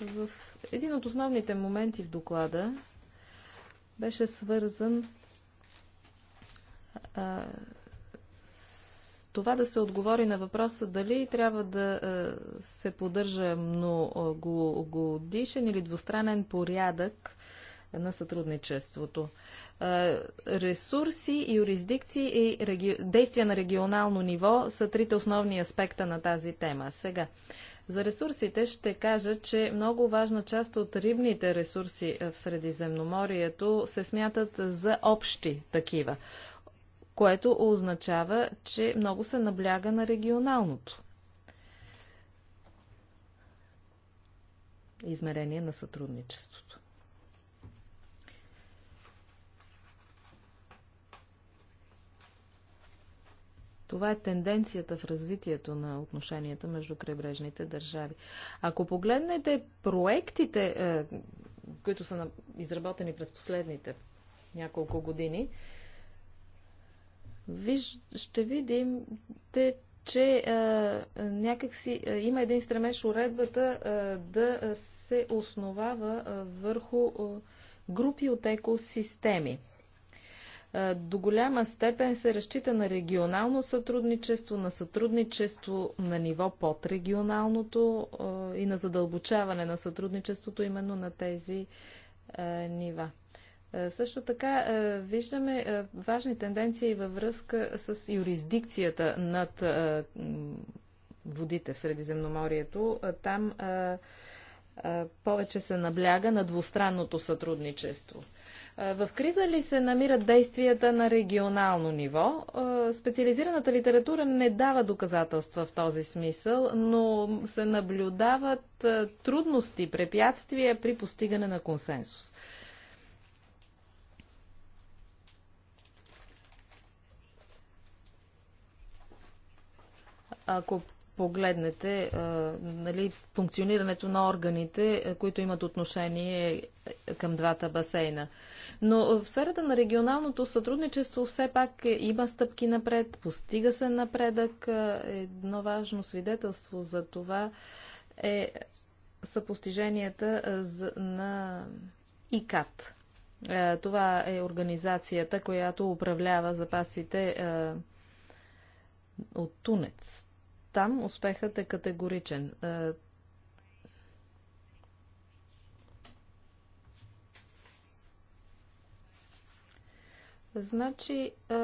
В един от основните моменти в доклада беше свързан с това да се отговори на въпроса дали трябва да се поддържа многогодишен или двустранен порядък на сътрудничеството. ресурси, юрисдикции и реги... действия на регионално ниво са трите основни аспекта на тази тема. Сега, за ресурсите ще кажа, че много важна част от рибните ресурси в Средиземноморието се смятат за общи такива което означава, че много се набляга на регионалното измерение на сътрудничеството. Това е тенденцията в развитието на отношенията между крайбрежните държави. Ако погледнете проектите, е, които са изработени през последните няколко години, виж, ще видим, те, че а, някакси а, има един стремеж уредбата а, да се основава а, върху а, групи от екосистеми. Е, до голяма степен се разчита на регионално сътрудничество, на сътрудничество на ниво под регионалното и на задълбочаване на сътрудничеството именно на тези нива. Е, също така е, виждаме е, важни тенденции във връзка с юрисдикцията над водите в Средиземноморието. Там повече се набляга на двустранното сътрудничество. В криза ли се намират действията на регионално ниво? Специализираната литература не дава доказателства в този смисъл, но се наблюдават трудности, препятствия при постигане на консенсус. Ако погледнете а, нали, функционирането на органите, които имат отношение е, е, към двата басейна. Но в сферата на регионалното сътрудничество все пак е, има стъпки напред, постига се напредък. Едно важно свидетелство за това е са постиженията на ИКАТ. Това е организацията, която управлява запасите от Тунец там успехът е категоричен. Е, значи, е,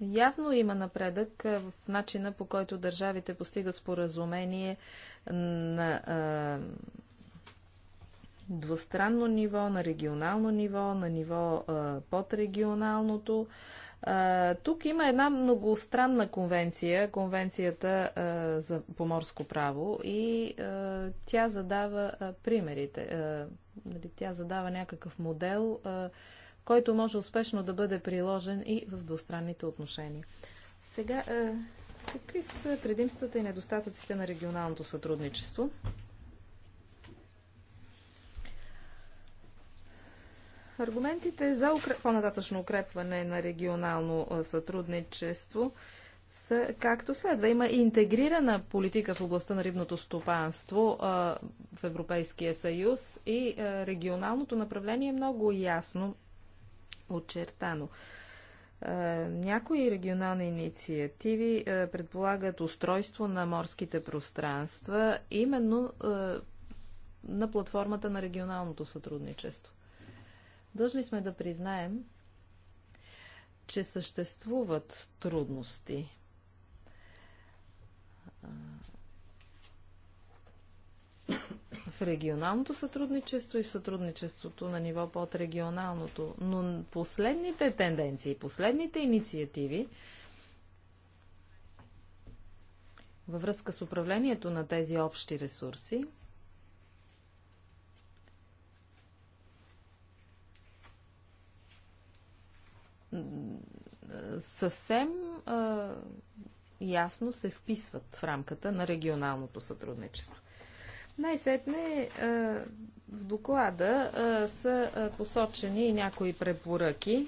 явно има напредък е, в начина по който държавите постигат споразумение на двустранно ниво, на регионално ниво, на ниво подрегионалното. регионалното тук има една многостранна конвенция, конвенцията за поморско право и тя задава примерите. Нали, тя задава някакъв модел, който може успешно да бъде приложен и в двустранните отношения. Сега, какви са предимствата и недостатъците на регионалното сътрудничество? Аргументите за укреп... по-нататъчно укрепване на регионално сътрудничество са както следва. Има интегрирана политика в областта на рибното стопанство в Европейския съюз и регионалното направление е много ясно очертано. някои регионални инициативи предполагат устройство на морските пространства именно на платформата на регионалното сътрудничество. Дължни сме да признаем, че съществуват трудности. В регионалното сътрудничество и в сътрудничеството на ниво под регионалното, но последните тенденции, последните инициативи във връзка с управлението на тези общи ресурси съвсем а, ясно се вписват в рамката на регионалното сътрудничество. Най-сетне в доклада а, са посочени някои препоръки.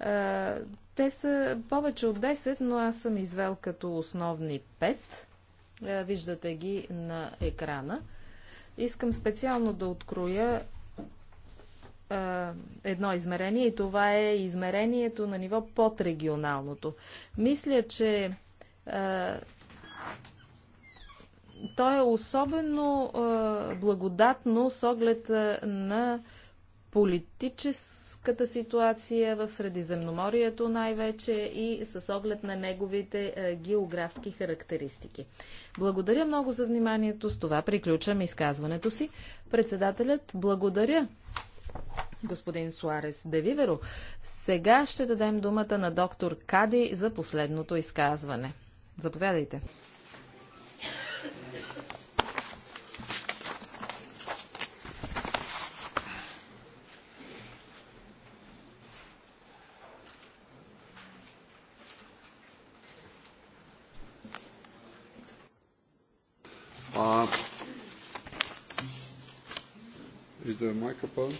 А, те са повече от 10, но аз съм извел като основни 5. Виждате ги на екрана. Искам специално да откроя едно измерение и това е измерението на ниво под регионалното. Мисля, че то е особено благодатно с оглед на политическата ситуация в Средиземноморието най-вече и с оглед на неговите географски характеристики. Благодаря много за вниманието. С това приключвам изказването си. Председателят, благодаря господин Суарес Девиверо. Сега ще дадем думата на доктор Кади за последното изказване. Заповядайте. Uh, is there a microphone?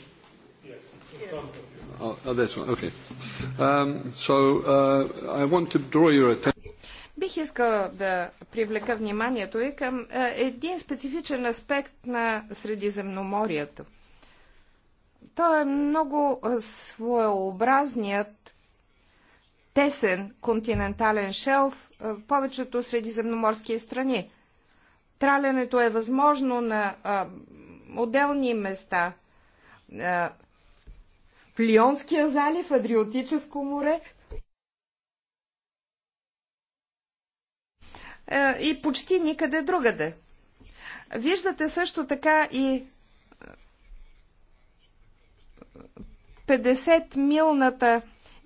Oh, one. Okay. Um, so uh, I want to draw your attention. Бих искала да привлека вниманието и към е, един специфичен аспект на Средиземноморието. Той е много е, своеобразният тесен континентален шелф е, в повечето средиземноморски страни. Тралянето е възможно на а, отделни места. В Лионския залив, Адриотическо море. Е, и почти никъде другаде. Виждате също така и 50-милната е,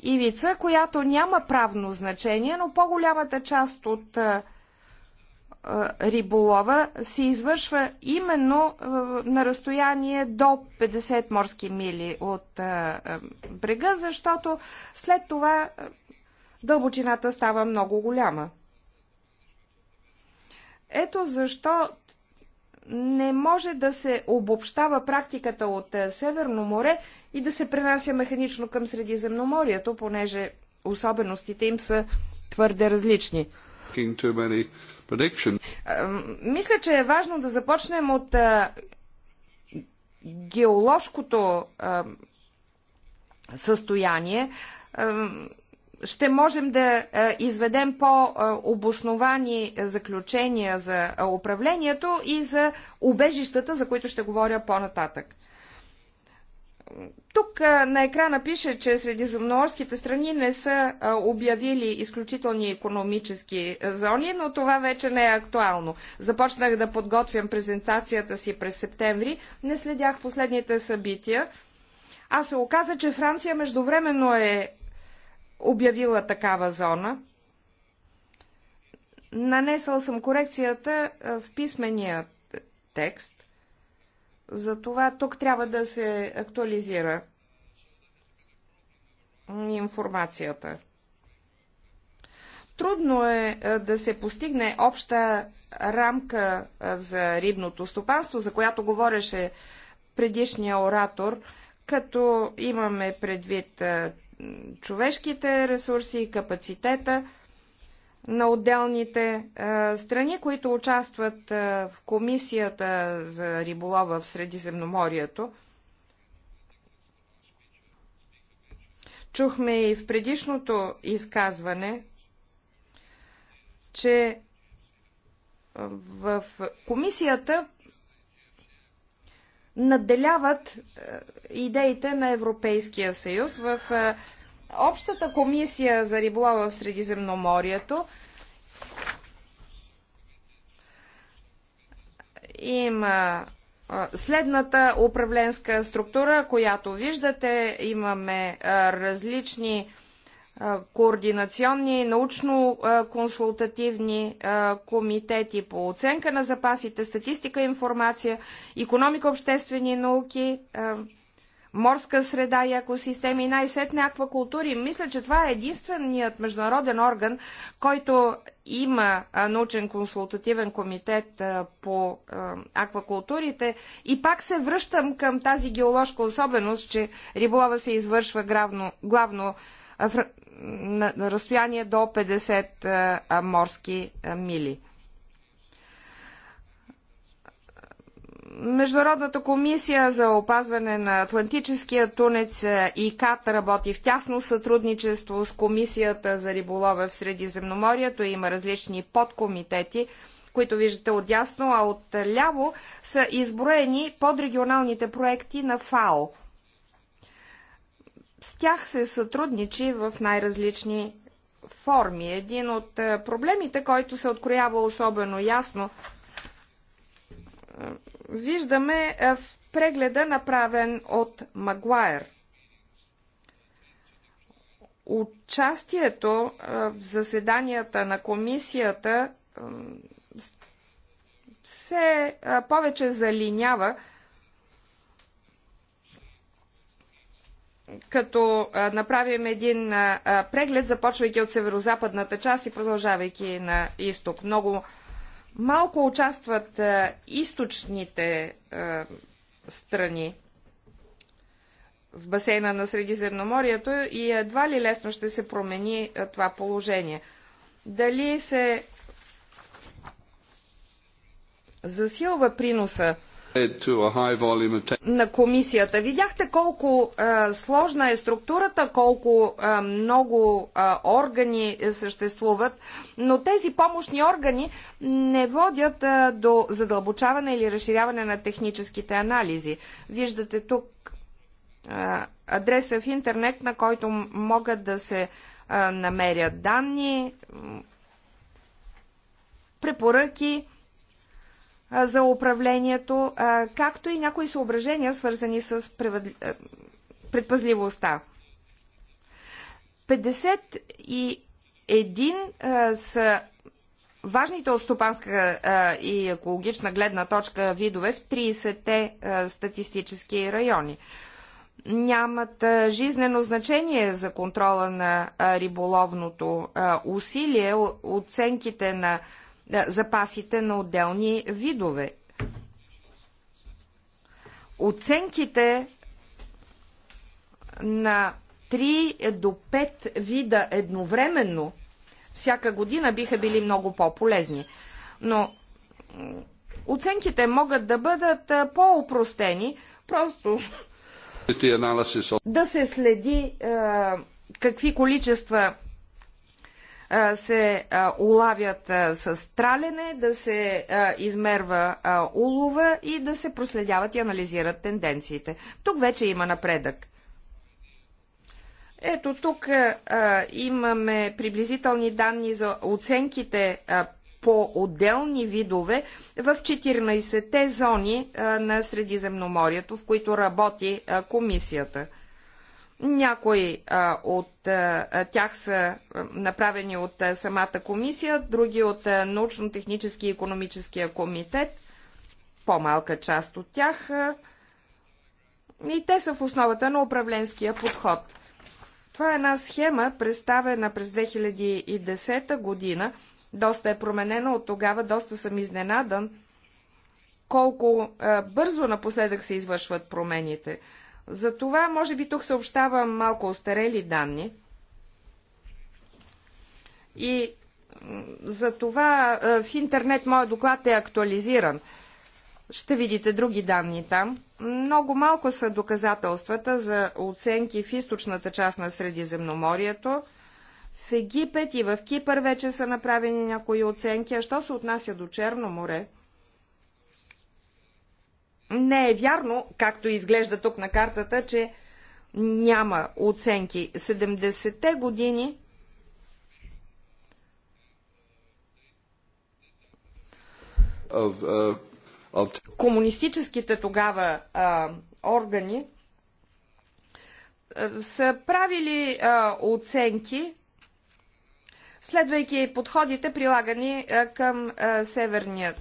ивица, която няма правно значение, но по-голямата част от е, риболова се извършва именно на разстояние до 50 морски мили от брега, защото след това дълбочината става много голяма. Ето защо не може да се обобщава практиката от Северно море и да се пренася механично към Средиземноморието, понеже особеностите им са твърде различни. Мисля, че е важно да започнем от геоложкото състояние. Ще можем да изведем по-обосновани заключения за управлението и за убежищата, за които ще говоря по-нататък тук на екрана пише, че средиземноморските страни не са обявили изключителни економически зони, но това вече не е актуално. Започнах да подготвям презентацията си през септември, не следях последните събития, а се оказа, че Франция междувременно е обявила такава зона. Нанесъл съм корекцията в писмения текст. Затова тук трябва да се актуализира информацията. Трудно е да се постигне обща рамка за рибното стопанство, за която говореше предишния оратор, като имаме предвид човешките ресурси и капацитета – на отделните а, страни, които участват а, в комисията за риболова в Средиземноморието. Чухме и в предишното изказване, че в комисията надделяват идеите на Европейския съюз в Общата комисия за риболова в Средиземноморието има следната управленска структура, която виждате. Имаме различни координационни, научно-консултативни комитети по оценка на запасите, статистика, информация, економика, обществени науки, морска среда и екосистеми, най-сетне аквакултури. Мисля, че това е единственият международен орган, който има научен консултативен комитет по аквакултурите. И пак се връщам към тази геоложка особеност, че риболова се извършва главно, главно на разстояние до 50 морски мили. Международната комисия за опазване на Атлантическия тунец е, и КАТ работи в тясно сътрудничество с Комисията за риболова в Средиземноморието. Има различни подкомитети, които виждате отясно, а отляво са изброени подрегионалните проекти на ФАО. С тях се сътрудничи в най-различни форми. Един от е, проблемите, който се откроява особено ясно виждаме е, в прегледа направен от Магуайер. Участието е, в заседанията на комисията е, се повече залинява като направим един преглед, започвайки от северо-западната част и продължавайки на изток. Много Малко участват а, е, източните а, е, страни в басейна на Средиземноморието и едва ли лесно ще се промени а, е, това положение. Дали се засилва приноса на комисията. Видяхте колко а, сложна е структурата, колко а, много а, органи съществуват, но тези помощни органи не водят до задълбочаване или разширяване на техническите анализи. Виждате тук адреса в интернет, на който могат да се намерят данни, препоръки, за управлението, както и някои съображения, свързани с предпазливостта. 51 са важните от стопанска и екологична гледна точка видове в 30-те статистически райони. Нямат жизнено значение за контрола на риболовното усилие. Оценките на е, запасите на отделни видове. Оценките на 3 до 5 вида едновременно всяка година биха били много по-полезни. Но оценките могат да бъдат по-упростени, просто да се следи е, какви количества се улавят с тралене, да се измерва улова и да се проследяват и анализират тенденциите. Тук вече има напредък. Ето тук а, имаме приблизителни данни за оценките а, по отделни видове в 14-те зони а, на Средиземноморието, в които работи а, комисията. Някои а, от а, тях са направени от а, самата комисия, други от научно-технически и економическия комитет, по-малка част от тях. и те са в основата на управленския подход. Това е една схема, представена през 2010 година. Доста е променена от тогава, доста съм изненадан колко бързо напоследък се извършват промените. За това, може би, тук съобщавам малко остарели данни. И за това в интернет моят доклад е актуализиран. Ще видите други данни там. Много малко са доказателствата за оценки в източната част на Средиземноморието. В Египет и в Кипър вече са направени някои оценки. А що се отнася до Черно море? не е вярно, както изглежда тук на картата, че няма оценки. 70-те години Of, uh, of... комунистическите тогава uh, органи uh, са правили оценки, следвайки подходите, прилагани към Северния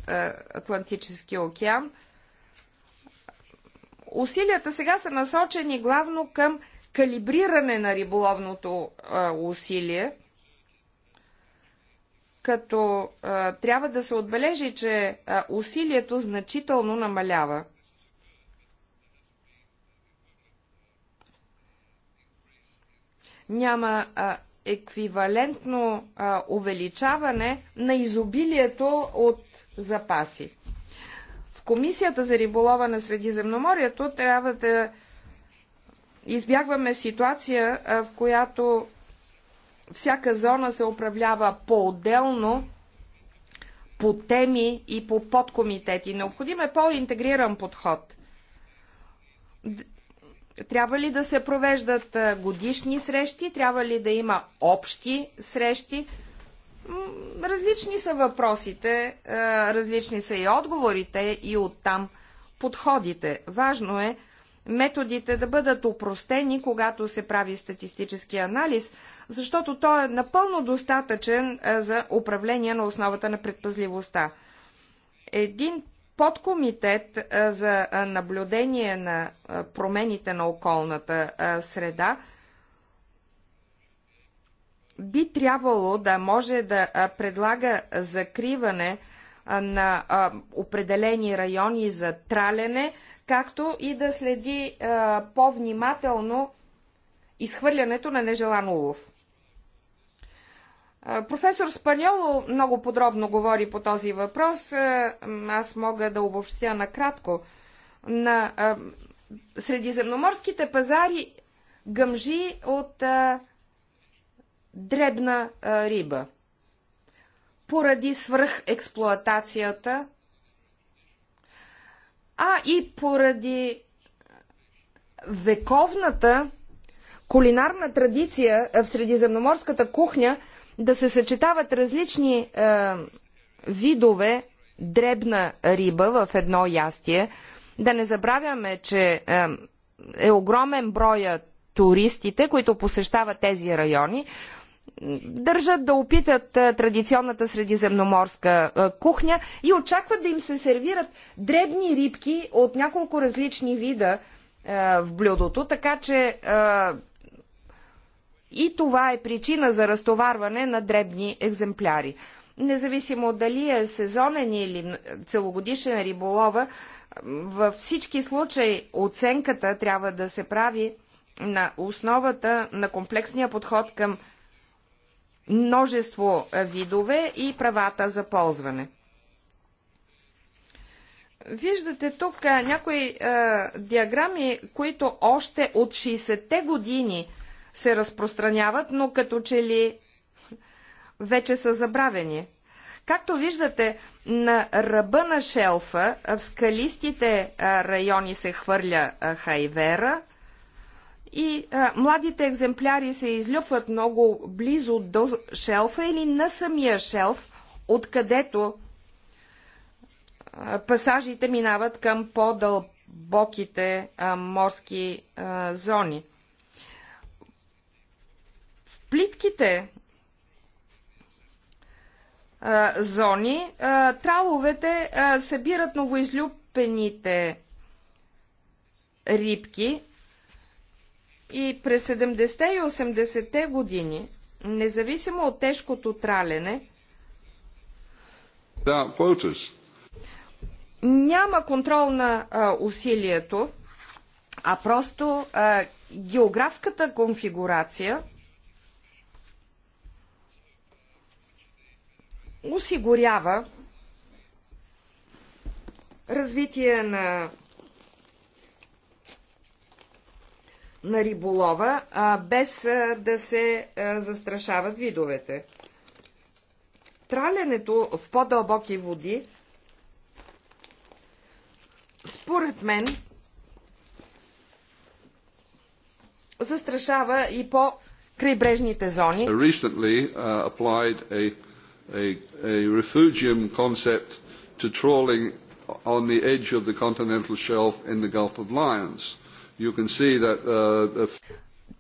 Атлантически океан – усилията сега са насочени главно към калибриране на риболовното а, усилие, като а, трябва да се отбележи, че а, усилието значително намалява. Няма а, еквивалентно а, увеличаване на изобилието от запаси. Комисията за риболова на Средиземноморието трябва да избягваме ситуация, в която всяка зона се управлява по-отделно, по теми и по подкомитети. Необходим е по-интегриран подход. Трябва ли да се провеждат годишни срещи? Трябва ли да има общи срещи? Различни са въпросите, е, различни са и отговорите и оттам подходите. Важно е методите да бъдат упростени, когато се прави статистически анализ, защото той е напълно достатъчен е, за управление на основата на предпазливостта. Един подкомитет е, за наблюдение на промените на околната среда – би трябвало да може да предлага закриване на определени райони за тралене, както и да следи по-внимателно изхвърлянето на нежелан улов. Професор Спаньоло много подробно говори по този въпрос. Аз мога да обобщя накратко. На средиземноморските пазари гъмжи от дребна а, риба. Поради свръхексплоатацията, а и поради вековната кулинарна традиция в средиземноморската кухня да се съчетават различни е, видове дребна риба в едно ястие. Да не забравяме, че е, е огромен броя туристите, които посещават тези райони, държат да опитат традиционната средиземноморска кухня и очакват да им се сервират дребни рибки от няколко различни вида в блюдото, така че и това е причина за разтоварване на дребни екземпляри. Независимо дали е сезонен или целогодишен риболова, във всички случаи оценката трябва да се прави на основата на комплексния подход към множество видове и правата за ползване. Виждате тук някои е, диаграми, които още от 60-те години се разпространяват, но като че ли вече са забравени. Както виждате, на ръба на шелфа в скалистите райони се хвърля хайвера, и а, младите екземпляри се излюпват много близо до шелфа или на самия шелф, откъдето а, пасажите минават към по-дълбоките морски а, зони. В плитките а, зони а, траловете а, събират новоизлюпените рибки и през 70-те и 80-те години, независимо от тежкото тралене, няма контрол на а, усилието, а просто а, географската конфигурация осигурява развитие на на риболова, а, без а, да се а, застрашават видовете. Тралянето в по-дълбоки води, според мен, застрашава и по крайбрежните зони. Uh, recently, uh, a, a, a to trawling on the edge of the continental shelf in the Gulf of Lions. Uh, Uh,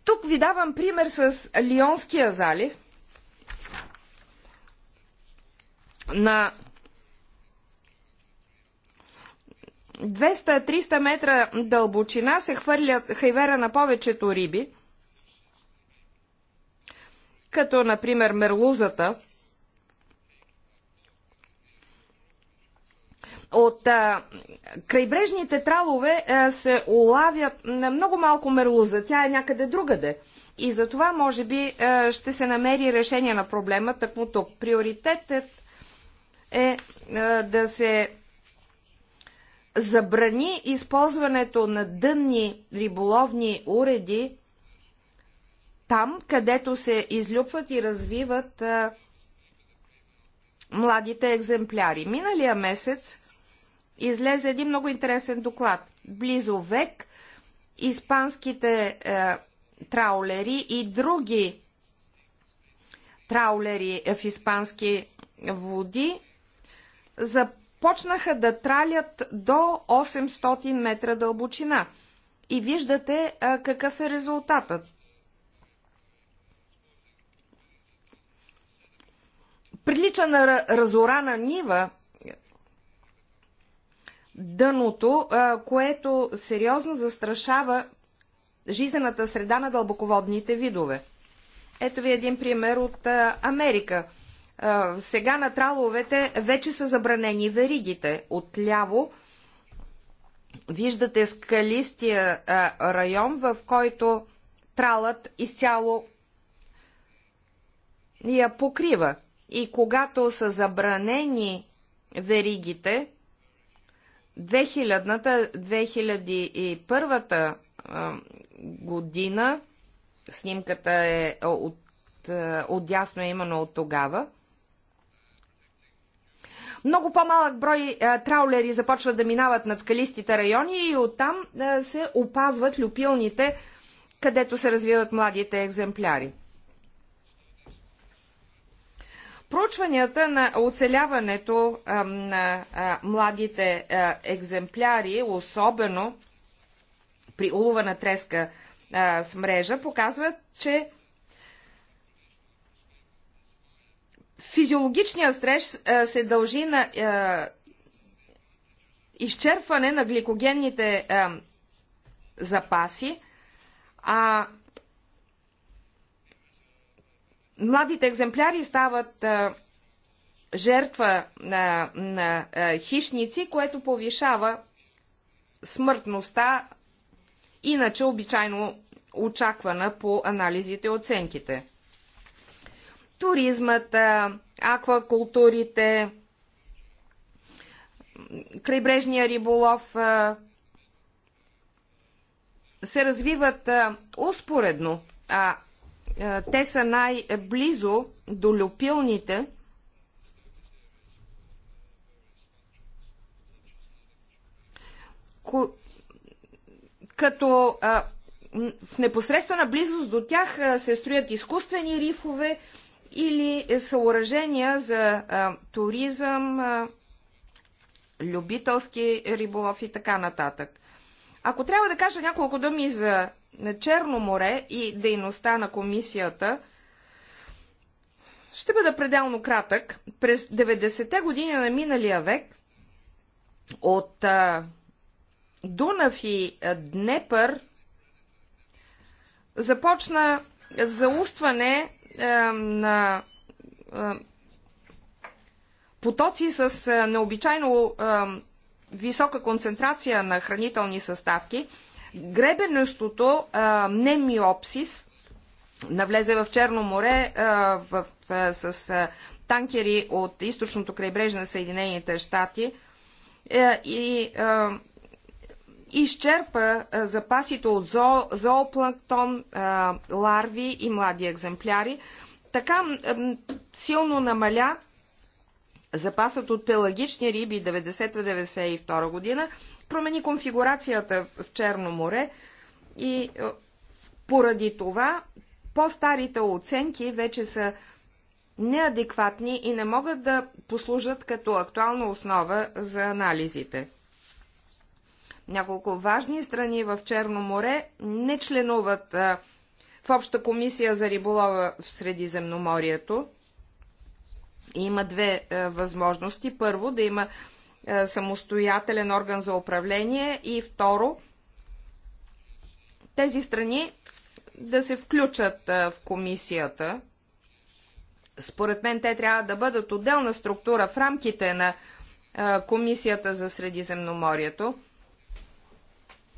Тук ви давам пример с Лионския залив. На 200-300 метра дълбочина се хвърля хайвера на повечето риби, като например мерлузата – От а, крайбрежните тралове а, се улавят на много малко мерлуза. Тя е някъде другаде. И за това, може би, а, ще се намери решение на проблема тъкмо тук. Приоритетът е а, да се забрани използването на дънни риболовни уреди там, където се излюпват и развиват а, младите екземпляри. Миналия месец излезе един много интересен доклад. Близо век испанските е, траулери и други траулери е, в испански води започнаха да тралят до 800 метра дълбочина. И виждате е, какъв е резултатът. Прилича на разорана нива, дъното, което сериозно застрашава жизнената среда на дълбоководните видове. Ето ви един пример от Америка. Сега на траловете вече са забранени веригите. Отляво виждате скалистия район, в който тралът изцяло я покрива. И когато са забранени веригите, 2000-та, 2001-та година, снимката е от, от дясно е именно от тогава, много по-малък брой а, траулери започват да минават над скалистите райони и оттам а, се опазват люпилните, където се развиват младите екземпляри. Проучванията на оцеляването а, на а, младите а, екземпляри, особено при улова на треска с мрежа, показват, че физиологичният стрес се дължи на изчерпване на гликогенните запаси, а младите екземпляри стават жертва на, на хищници, което повишава смъртността, иначе обичайно очаквана по анализите и оценките. Туризмът, аквакултурите, крайбрежния риболов се развиват успоредно, а е, те са най-близо до люпилните, като в непосредствена близост до тях се строят изкуствени рифове или съоръжения за туризъм, любителски риболов и така нататък. Ако трябва да кажа няколко думи за на Черно море и дейността на комисията, ще бъда пределно кратък. През 90-те години на миналия век от а, Дунав и Днепър започна заустване а, на а, потоци с а, необичайно а, висока концентрация на хранителни съставки – Гребенестото немиопсис навлезе в Черно море в, в, в, с а, танкери от източното крайбрежие на Съединените щати е, и изчерпа запасите от зо, зоопланктон, ларви и млади екземпляри. Така силно намаля запасът от пелагични риби 90-92 година промени конфигурацията в Черно море и е, поради това по-старите оценки вече са неадекватни и не могат да послужат като актуална основа за анализите. Няколко важни страни в Черно море не членуват е, в Обща комисия за риболова в Средиземноморието. Има две е, възможности. Първо, да има е, самостоятелен орган за управление и второ, тези страни да се включат е, в комисията. Според мен те трябва да бъдат отделна структура в рамките на е, Комисията за Средиземноморието,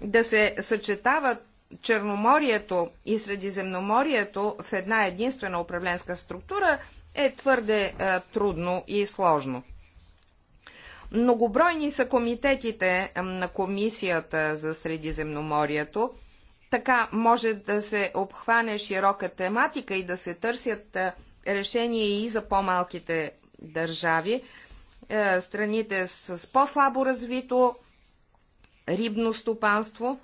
да се съчетават Черноморието и Средиземноморието в една единствена управленска структура е твърде е, трудно и сложно. Многобройни са комитетите на Комисията за Средиземноморието. Така може да се обхване широка тематика и да се търсят решения и за по-малките държави, е, страните с по-слабо развито рибно стопанство.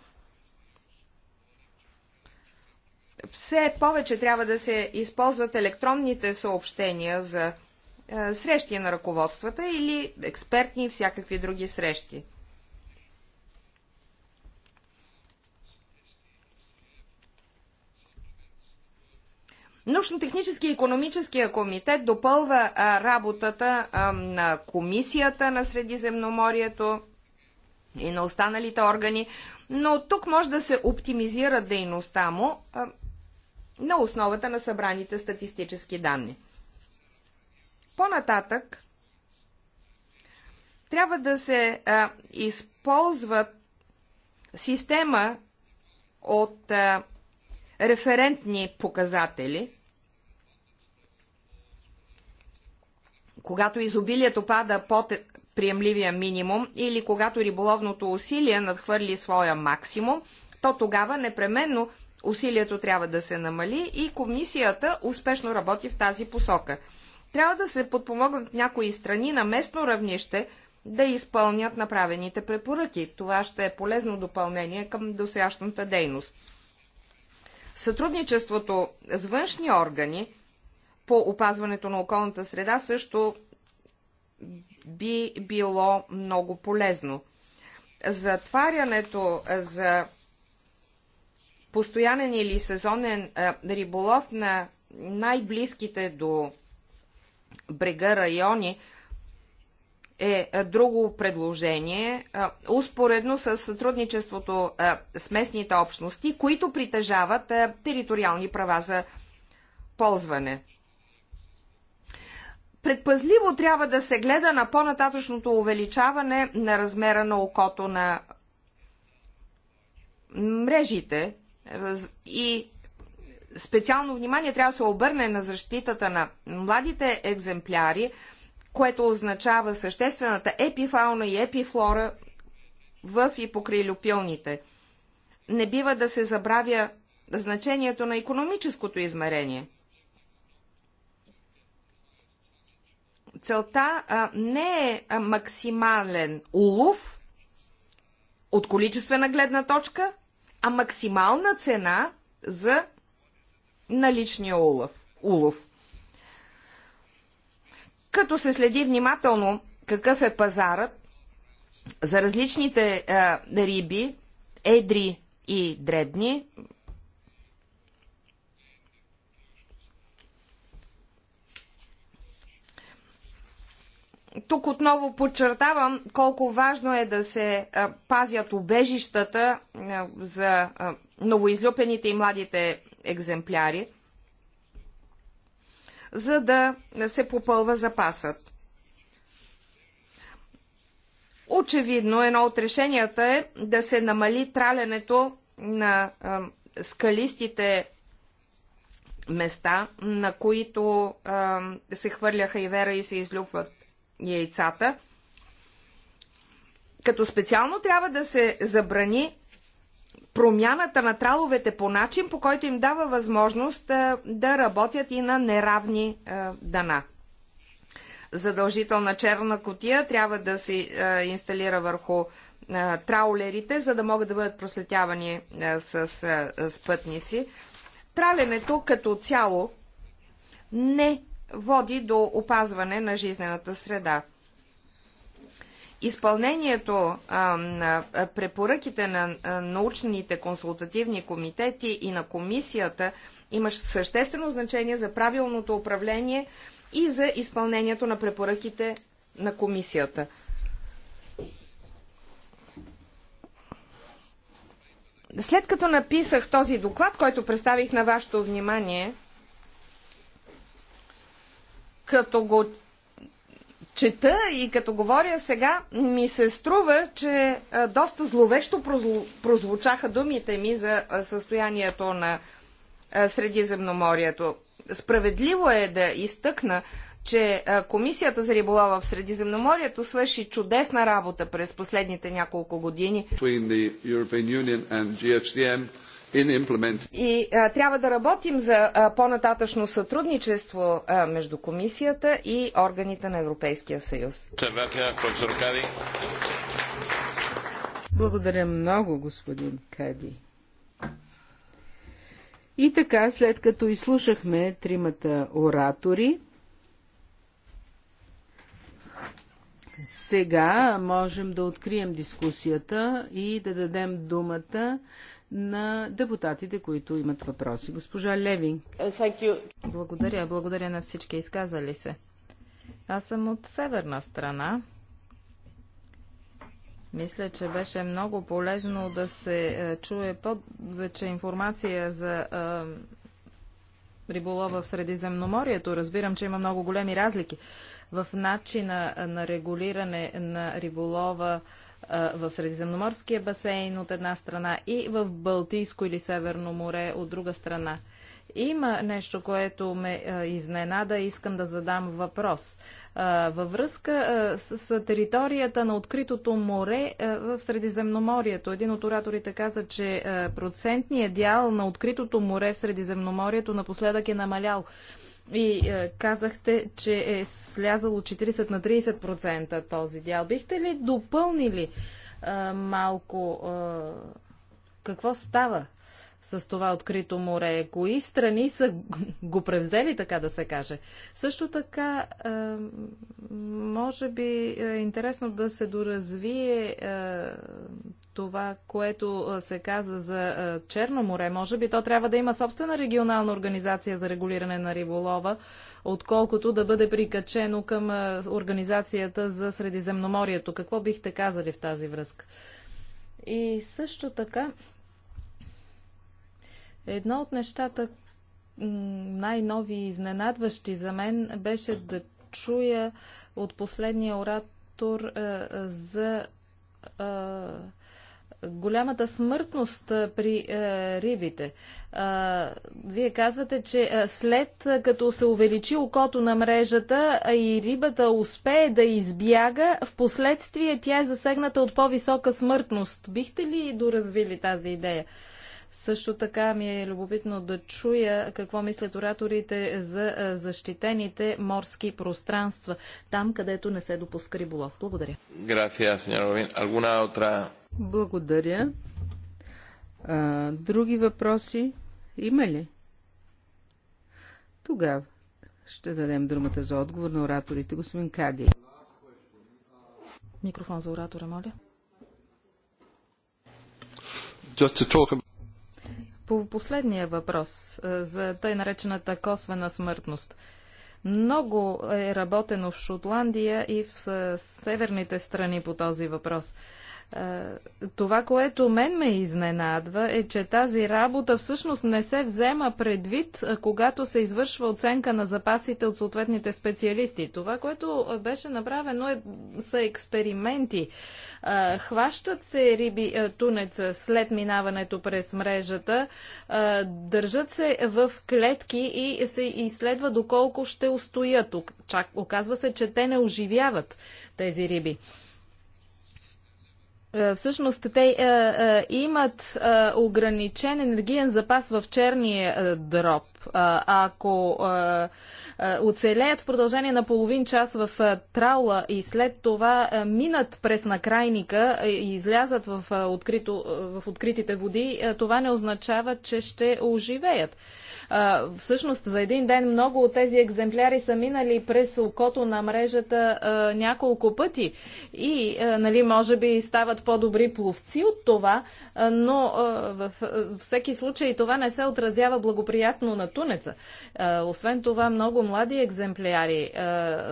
Все повече трябва да се използват електронните съобщения за е, срещи на ръководствата или експертни и всякакви други срещи. Научно-технически и економическия комитет допълва е, работата е, на комисията на Средиземноморието и на останалите органи, но тук може да се оптимизира дейността му на основата на събраните статистически данни. По-нататък трябва да се а, използват система от а, референтни показатели, когато изобилието пада под приемливия минимум или когато риболовното усилие надхвърли своя максимум, то тогава непременно усилието трябва да се намали и комисията успешно работи в тази посока. Трябва да се подпомогнат някои страни на местно равнище да изпълнят направените препоръки. Това ще е полезно допълнение към досящната дейност. Сътрудничеството с външни органи по опазването на околната среда също би било много полезно. Затварянето за постоянен или сезонен риболов на най-близките до брега райони е друго предложение, успоредно с сътрудничеството с местните общности, които притежават териториални права за ползване. Предпазливо трябва да се гледа на по-нататъчното увеличаване на размера на окото на мрежите и специално внимание трябва да се обърне на защитата на младите екземпляри, което означава съществената епифауна и епифлора в и покрай люпилните. Не бива да се забравя значението на економическото измерение. Целта а, не е а, максимален улов от количествена гледна точка, а максимална цена за наличния улов. улов. Като се следи внимателно какъв е пазарът за различните е, риби, едри и дребни, Тук отново подчертавам колко важно е да се пазят убежищата за новоизлюпените и младите екземпляри, за да се попълва запасът. Очевидно, едно от решенията е да се намали тралянето на скалистите места, на които се хвърляха и вера и се излюпват яйцата, като специално трябва да се забрани промяната на траловете по начин, по който им дава възможност да работят и на неравни дана. Задължителна черна котия трябва да се инсталира върху траулерите, за да могат да бъдат проследявани с спътници. Траленето като цяло не води до опазване на жизнената среда. Изпълнението а, на препоръките на научните консултативни комитети и на комисията има съществено значение за правилното управление и за изпълнението на препоръките на комисията. След като написах този доклад, който представих на вашето внимание, като го чета и като говоря сега, ми се струва, че доста зловещо прозвучаха думите ми за състоянието на Средиземноморието. Справедливо е да изтъкна, че Комисията за риболова в Средиземноморието свърши чудесна работа през последните няколко години. И трябва да работим за по-нататъчно сътрудничество между комисията и органите на Европейския съюз. Благодаря много, господин Кади. И така, след като изслушахме тримата оратори, сега можем да открием дискусията и да дадем думата на депутатите, които имат въпроси. Госпожа Левин. Благодаря, благодаря на всички изказали се. Аз съм от северна страна. Мисля, че беше много полезно да се е, чуе повече информация за е, риболова в Средиземноморието. Разбирам, че има много големи разлики в начина е, на регулиране на риболова в Средиземноморския басейн от една страна и в Балтийско или Северно море от друга страна. Има нещо, което ме изненада и искам да задам въпрос. Във връзка с територията на откритото море в Средиземноморието. Един от ораторите каза, че процентният дял на откритото море в Средиземноморието напоследък е намалял. И казахте, че е слязало 40 на 30% този дял. Бихте ли допълнили малко какво става с това открито море? Кои страни са <laughs> го превзели, така да се каже? Също така, е, може би е интересно да се доразвие е, това, което е, се каза за Черно море. Може би то трябва да има собствена регионална организация за регулиране на риболова, отколкото да бъде прикачено към организацията за Средиземноморието. Какво бихте казали в тази връзка? И също така, Едно от нещата най-нови и изненадващи за мен беше да чуя от последния оратор а, е, за а, е, голямата смъртност е, при е, рибите. А, вие казвате, че след като се увеличи окото на мрежата а и рибата успее да избяга, в последствие тя е засегната от по-висока смъртност. Бихте ли доразвили тази идея? Също така ми е любопитно да чуя какво мислят ораторите за защитените морски пространства, там където не се допуска риболов. Благодаря. Благодаря. А, други въпроси има ли? Тогава ще дадем думата за отговор на ораторите. Господин Каги. Микрофон за оратора, моля. Just to talk about... По последния въпрос е, за тъй наречената косвена смъртност. Много е работено в Шотландия и в северните страни по този въпрос. Е, това, което мен ме изненадва, е, че тази работа всъщност не се взема предвид, е, когато се извършва оценка на запасите от съответните специалисти. Това, което беше направено, е, са експерименти. Е, хващат се риби тунеца след минаването през мрежата, държат се в клетки и се изследва доколко ще устоят. Чак, оказва се, че те не оживяват тези риби. Е, всъщност те е, е, имат ограничен енергиен запас в черния дроб. Ако е, оцелеят в продължение на половин час в е, траула и след това е, минат през накрайника и излязат в, открито, в откритите води, това не означава, че ще оживеят. Всъщност за един ден много от тези екземпляри са минали през окото на мрежата няколко пъти и нали, може би стават по-добри пловци от това, но в всеки случай това не се отразява благоприятно на тунеца. Освен това много млади екземпляри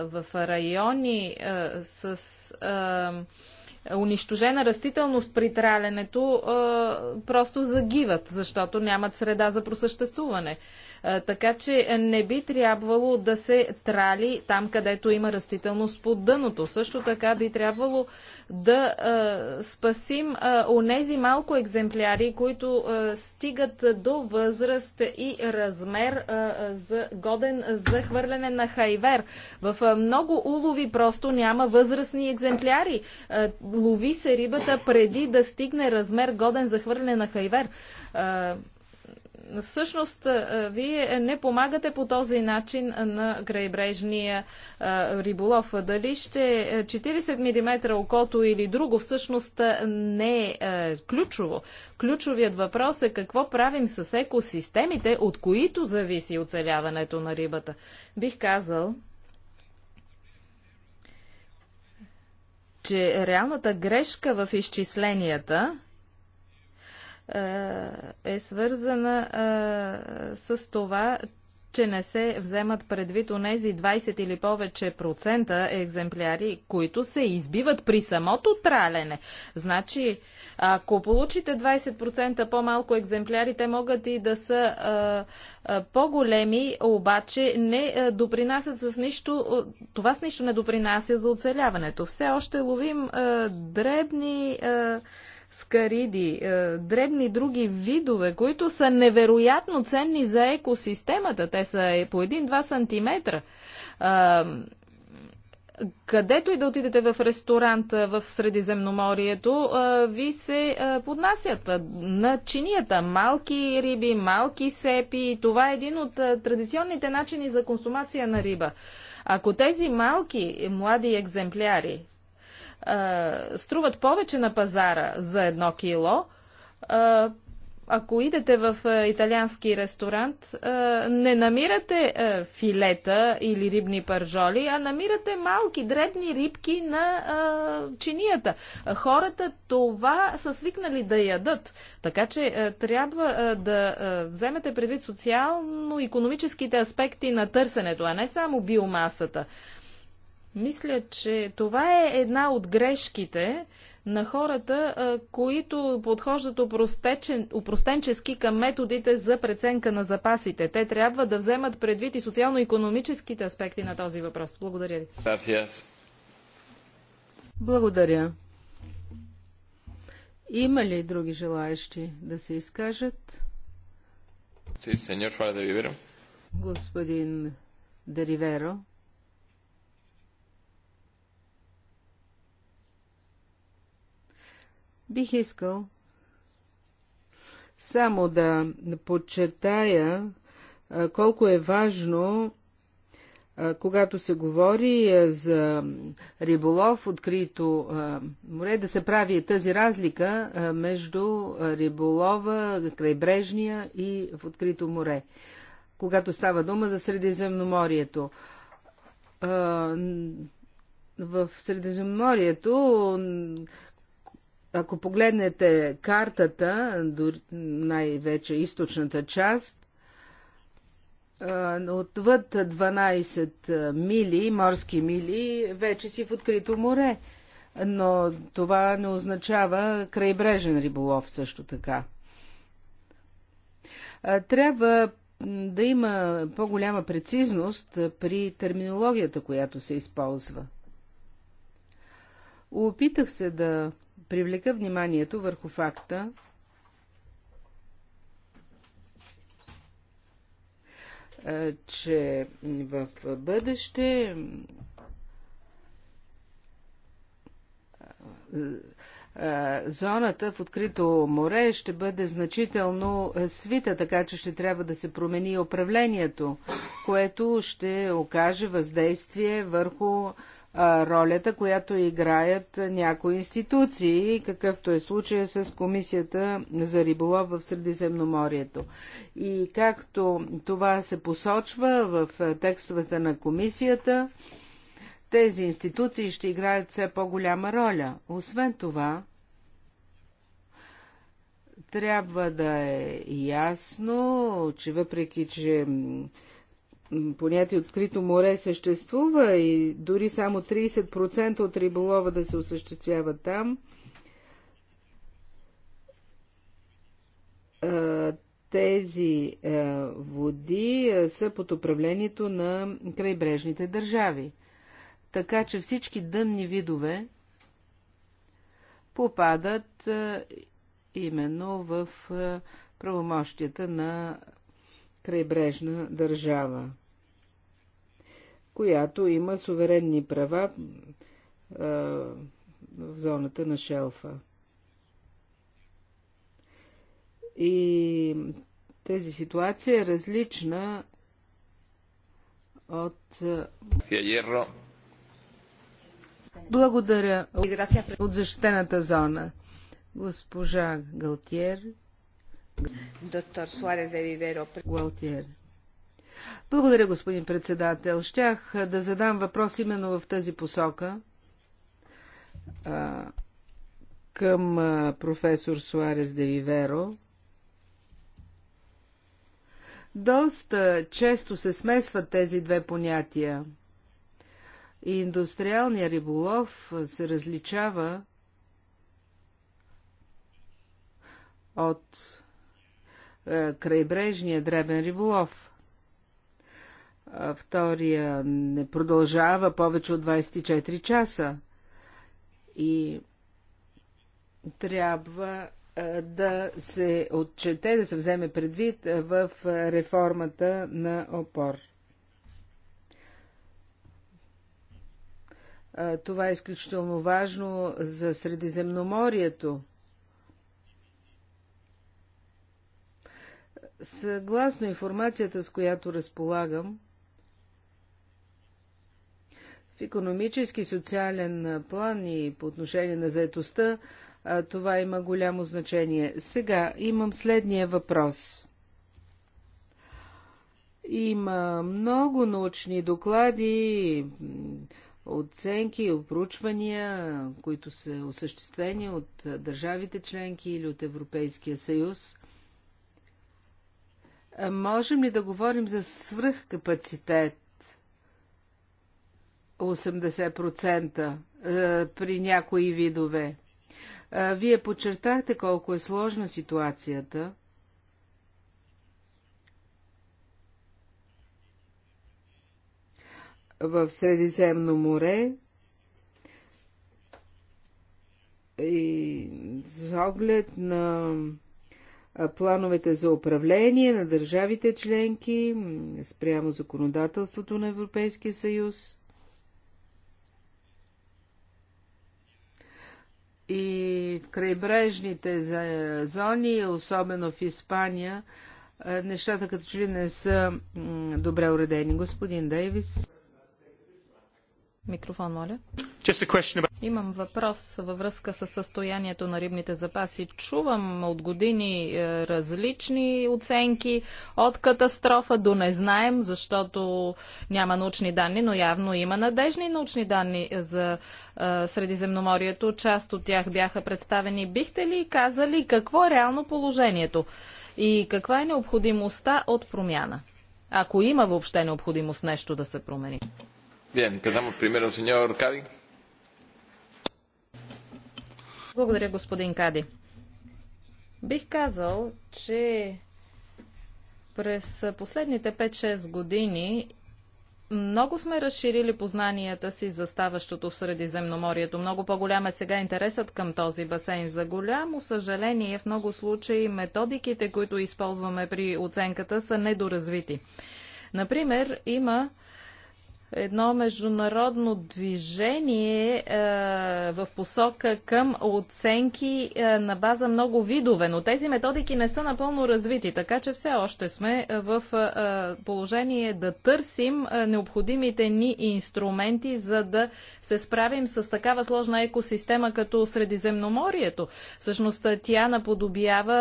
в райони с унищожена растителност при тралянето просто загиват, защото нямат среда за просъществуване. Така че не би трябвало да се трали там, където има растителност под дъното. Също така би трябвало да спасим онези малко екземпляри, които стигат до възраст и размер за годен за хвърляне на хайвер. В много улови просто няма възрастни екземпляри. Лови се рибата преди да стигне размер годен за хвърляне на хайвер. Всъщност, вие не помагате по този начин на крайбрежния риболов. Дали ще 40 е, мм окото или друго, всъщност не е ключово. Ключовият въпрос е какво правим с екосистемите, от които зависи оцеляването на рибата. Бих казал, че реалната грешка в изчисленията е свързана с това, че не се вземат предвид онези 20 или повече процента екземпляри, които се избиват при самото тралене. Значи, ако получите 20% по-малко екземпляри, те могат и да са по-големи, обаче не допринасят с нищо, това с нищо не допринася за оцеляването. Все още ловим а, дребни а, скариди, е, дребни други видове, които са невероятно ценни за екосистемата. Те са е, по 1-2 сантиметра. Е, където и да отидете в ресторант в Средиземноморието, ви се поднасят на чинията малки риби, малки сепи. Това е един от традиционните начини за консумация на риба. Ако тези малки млади екземпляри струват повече на пазара за едно кило. Ако идете в италиански ресторант, не намирате филета или рибни пържоли, а намирате малки, дребни рибки на чинията. Хората това са свикнали да ядат. Така че трябва да вземете предвид социално-економическите аспекти на търсенето, а не само биомасата. Мисля, че това е една от грешките на хората, които подхождат упростенчески към методите за преценка на запасите. Те трябва да вземат предвид и социално-економическите аспекти на този въпрос. Благодаря ви. Благодаря. Има ли други желаящи да се изкажат? Господин Дериверо. Бих искал само да подчертая колко е важно, когато се говори за риболов, открито море, да се прави тази разлика между риболова, крайбрежния и в открито море, когато става дума за Средиземноморието в Средиземноморието ако погледнете картата, най-вече източната част, отвъд 12 мили, морски мили, вече си в открито море. Но това не означава крайбрежен риболов също така. Трябва да има по-голяма прецизност при терминологията, която се използва. Опитах се да привлека вниманието върху факта, че в бъдеще зоната в открито море ще бъде значително свита, така че ще трябва да се промени управлението, което ще окаже въздействие върху ролята, която играят някои институции, какъвто е случая с Комисията за риболов в Средиземноморието. И както това се посочва в текстовете на Комисията, тези институции ще играят все по-голяма роля. Освен това, трябва да е ясно, че въпреки, че понятие открито море съществува и дори само 30% от риболова да се осъществява там, тези води са под управлението на крайбрежните държави. Така че всички дънни видове попадат именно в правомощията на крайбрежна държава, която има суверенни права а, в зоната на шелфа. И тази ситуация е различна от... Благодаря от защитената зона. Госпожа Галтиер. Доктор Суарес де Виверо. Гуалтиер. Благодаря, господин председател. Щях да задам въпрос именно в тази посока а, към а, професор Суарес де Виверо. Доста често се смесват тези две понятия. И индустриалният риболов се различава от е, крайбрежния дребен риболов. Втория не продължава повече от 24 часа. И трябва е, да се отчете, да се вземе предвид е, в реформата на опор. Това е изключително важно за Средиземноморието – Съгласно информацията, с която разполагам, в економически, социален план и по отношение на заетостта, това има голямо значение. Сега имам следния въпрос. Има много научни доклади, оценки, опручвания, които са осъществени от държавите членки или от Европейския съюз. Е, можем ли да говорим за свръхкапацитет? 80% е, при някои видове. Е, вие подчертахте колко е сложна ситуацията. В Средиземно море и с оглед на плановете за управление на държавите членки спрямо законодателството на Европейския съюз. И в крайбрежните зони, особено в Испания, нещата като че ли не са добре уредени. Господин Дейвис. Микрофон, моля. Имам въпрос във връзка с състоянието на рибните запаси. Чувам от години е, различни оценки от катастрофа до не знаем, защото няма научни данни, но явно има надежни научни данни за е, Средиземноморието. Част от тях бяха представени. Бихте ли казали какво е реално положението и каква е необходимостта от промяна? Ако има въобще необходимост нещо да се промени. Bien, empezamos primero, señor Кади. Благодаря, господин Кади. Бих казал, че през последните 5-6 години много сме разширили познанията си за ставащото в Средиземноморието. Много по-голям е сега интересът към този басейн. За голямо съжаление, в много случаи методиките, които използваме при оценката, са недоразвити. Например, има едно международно движение е, в посока към оценки е, на база много видове, но тези методики не са напълно развити, така че все още сме е, в е, положение да търсим е, необходимите ни инструменти, за да се справим с такава сложна екосистема като Средиземноморието. Всъщност е, тя наподобява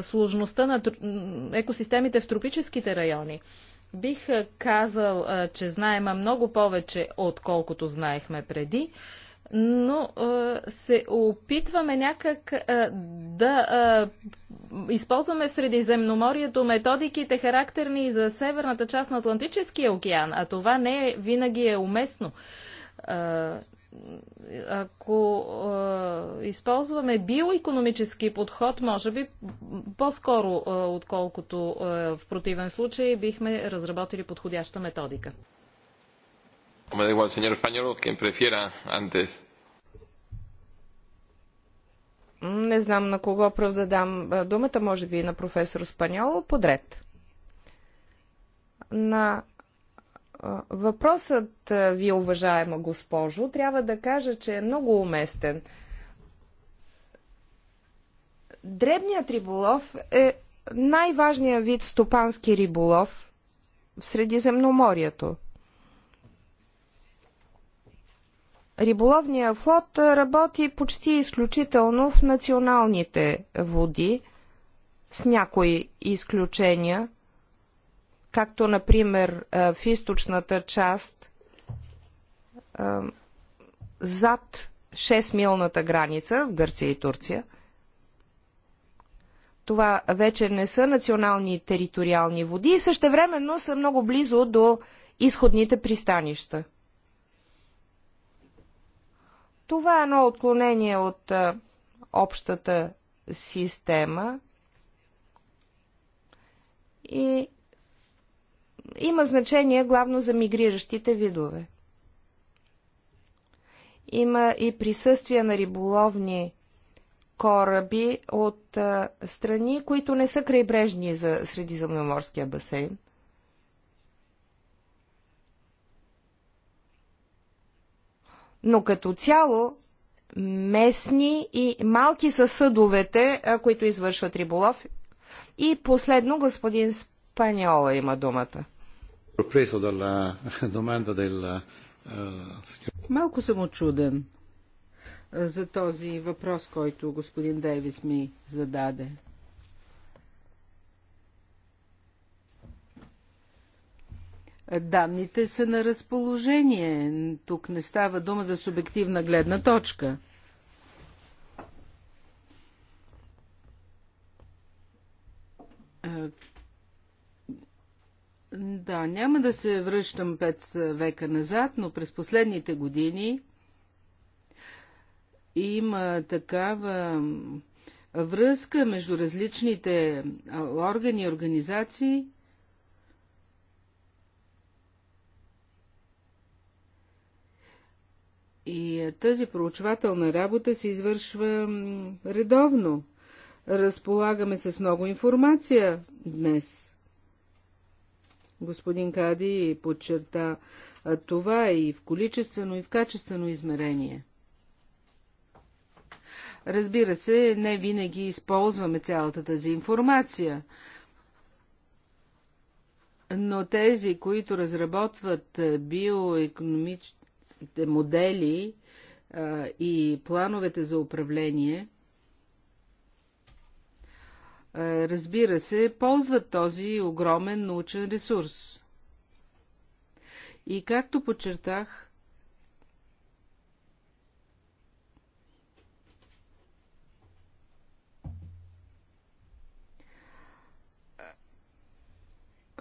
сложността на екосистемите в тропическите райони. Бих казал, че знаем много повече, отколкото знаехме преди, но се опитваме някак да използваме в Средиземноморието методиките характерни за северната част на Атлантическия океан, а това не е, винаги е уместно ако е, използваме биоекономически подход, може би по-скоро, е, отколкото е, в противен случай, бихме разработили подходяща методика. Не знам на кого правда да дам е, думата, може би на професор Спаньоло, подред. На Въпросът ви, уважаема госпожо, трябва да кажа, че е много уместен. Дребният риболов е най-важният вид стопански риболов в Средиземноморието. Риболовният флот работи почти изключително в националните води, с някои изключения – както например в източната част зад 6-милната граница в Гърция и Турция. Това вече не са национални териториални води и същевременно са много близо до изходните пристанища. Това е едно отклонение от общата система и има значение главно за мигриращите видове. Има и присъствие на риболовни кораби от а, страни, които не са крайбрежни за Средиземноморския басейн. Но като цяло местни и малки са съдовете, които извършват риболов. И последно господин Спаньола има думата sorpreso dalla <laughs> domanda del eh, Малко съм очуден eh, за този въпрос, който господин Дейвис ми зададе. Е, данните са на разположение. Тук не става дума за субективна гледна точка. Е, да, няма да се връщам пет века назад, но през последните години има такава връзка между различните органи и организации, И е, тази проучвателна работа се извършва редовно. Разполагаме с много информация днес. Господин Кади подчерта това е и в количествено, и в качествено измерение. Разбира се, не винаги използваме цялата тази информация, но тези, които разработват биоекономическите модели и плановете за управление, е, разбира се, ползват този огромен научен ресурс. И както подчертах,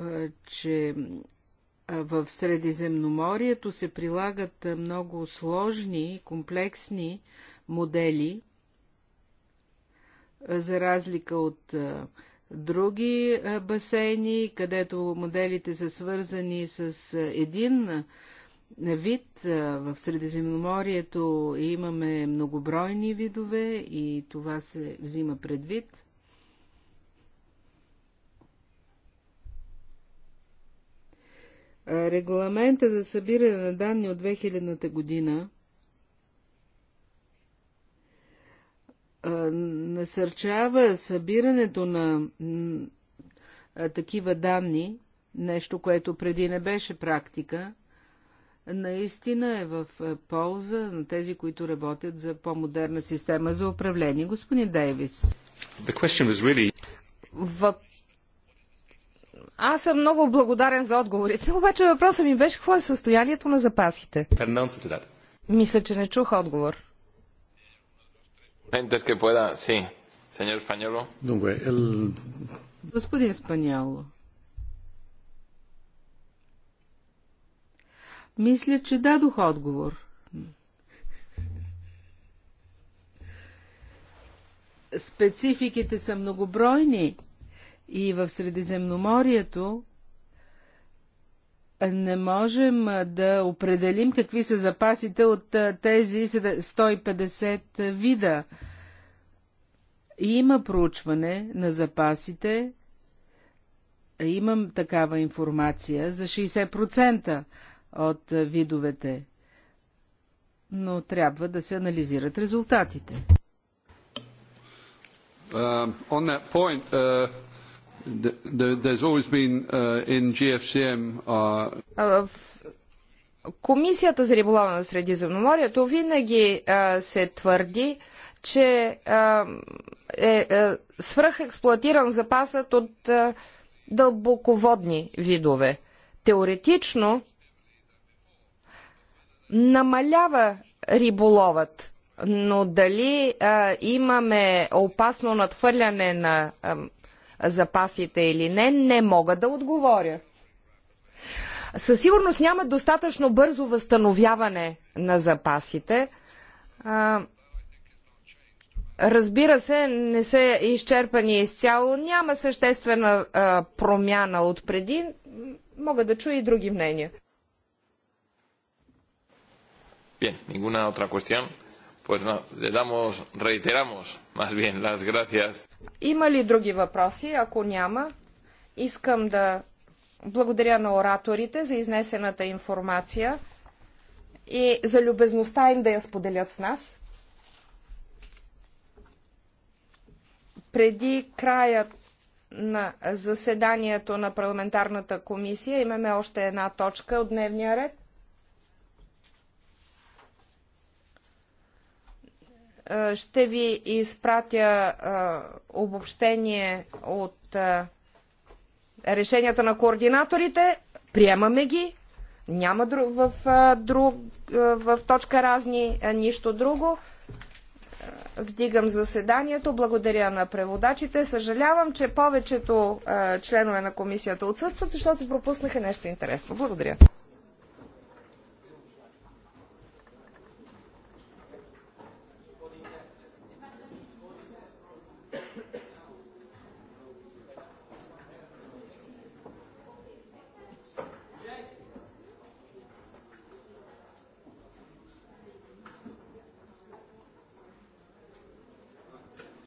е, че е, в Средиземноморието се прилагат много сложни, комплексни модели – за разлика от други басейни, където моделите са свързани с един вид. В Средиземноморието имаме многобройни видове и това се взима предвид. Регламента за събиране на данни от 2000-та година – насърчава събирането на такива данни, нещо, което преди не беше практика, наистина е в полза на тези, които работят за по-модерна система за управление. Господин Дейвис. Really... В... Аз съм много благодарен за отговорите, обаче въпросът ми беше какво е състоянието на запасите. Мисля, че не чух отговор entes que pueda, sí. Señor Españolo. Dunque, el... Господин Спаняло, мисля, че дадох отговор. Спецификите са многобройни и в Средиземноморието не можем да определим какви са запасите от тези 150 вида. Има проучване на запасите, имам такава информация за 60% от видовете, но трябва да се анализират резултатите. Uh, uh There's always been uh, in GFCM. Uh... Комисията за риболова на Средиземноморието винаги се твърди, че uh, е uh, свръхексплуатиран запасът от uh, дълбоководни видове. Теоретично намалява риболовът, но дали а, имаме опасно надхвърляне на а, запасите или не, не мога да отговоря. Със сигурност няма достатъчно бързо възстановяване на запасите. Разбира се, не са изчерпани изцяло. Няма съществена а, промяна от преди. Мога да чуя и други мнения. Bien, ninguna otra cuestión. Pues no, le damos, reiteramos има ли други въпроси? Ако няма, искам да благодаря на ораторите за изнесената информация и за любезността им да я споделят с нас. Преди края на заседанието на парламентарната комисия имаме още една точка от дневния ред. Е, ще ви изпратя е, обобщение от е, решенията на координаторите. Приемаме ги. Няма в, в, в точка разни нищо друго. Вдигам заседанието. Благодаря на преводачите. Съжалявам, че повечето членове на комисията отсъстват, защото пропуснаха нещо интересно. Благодаря.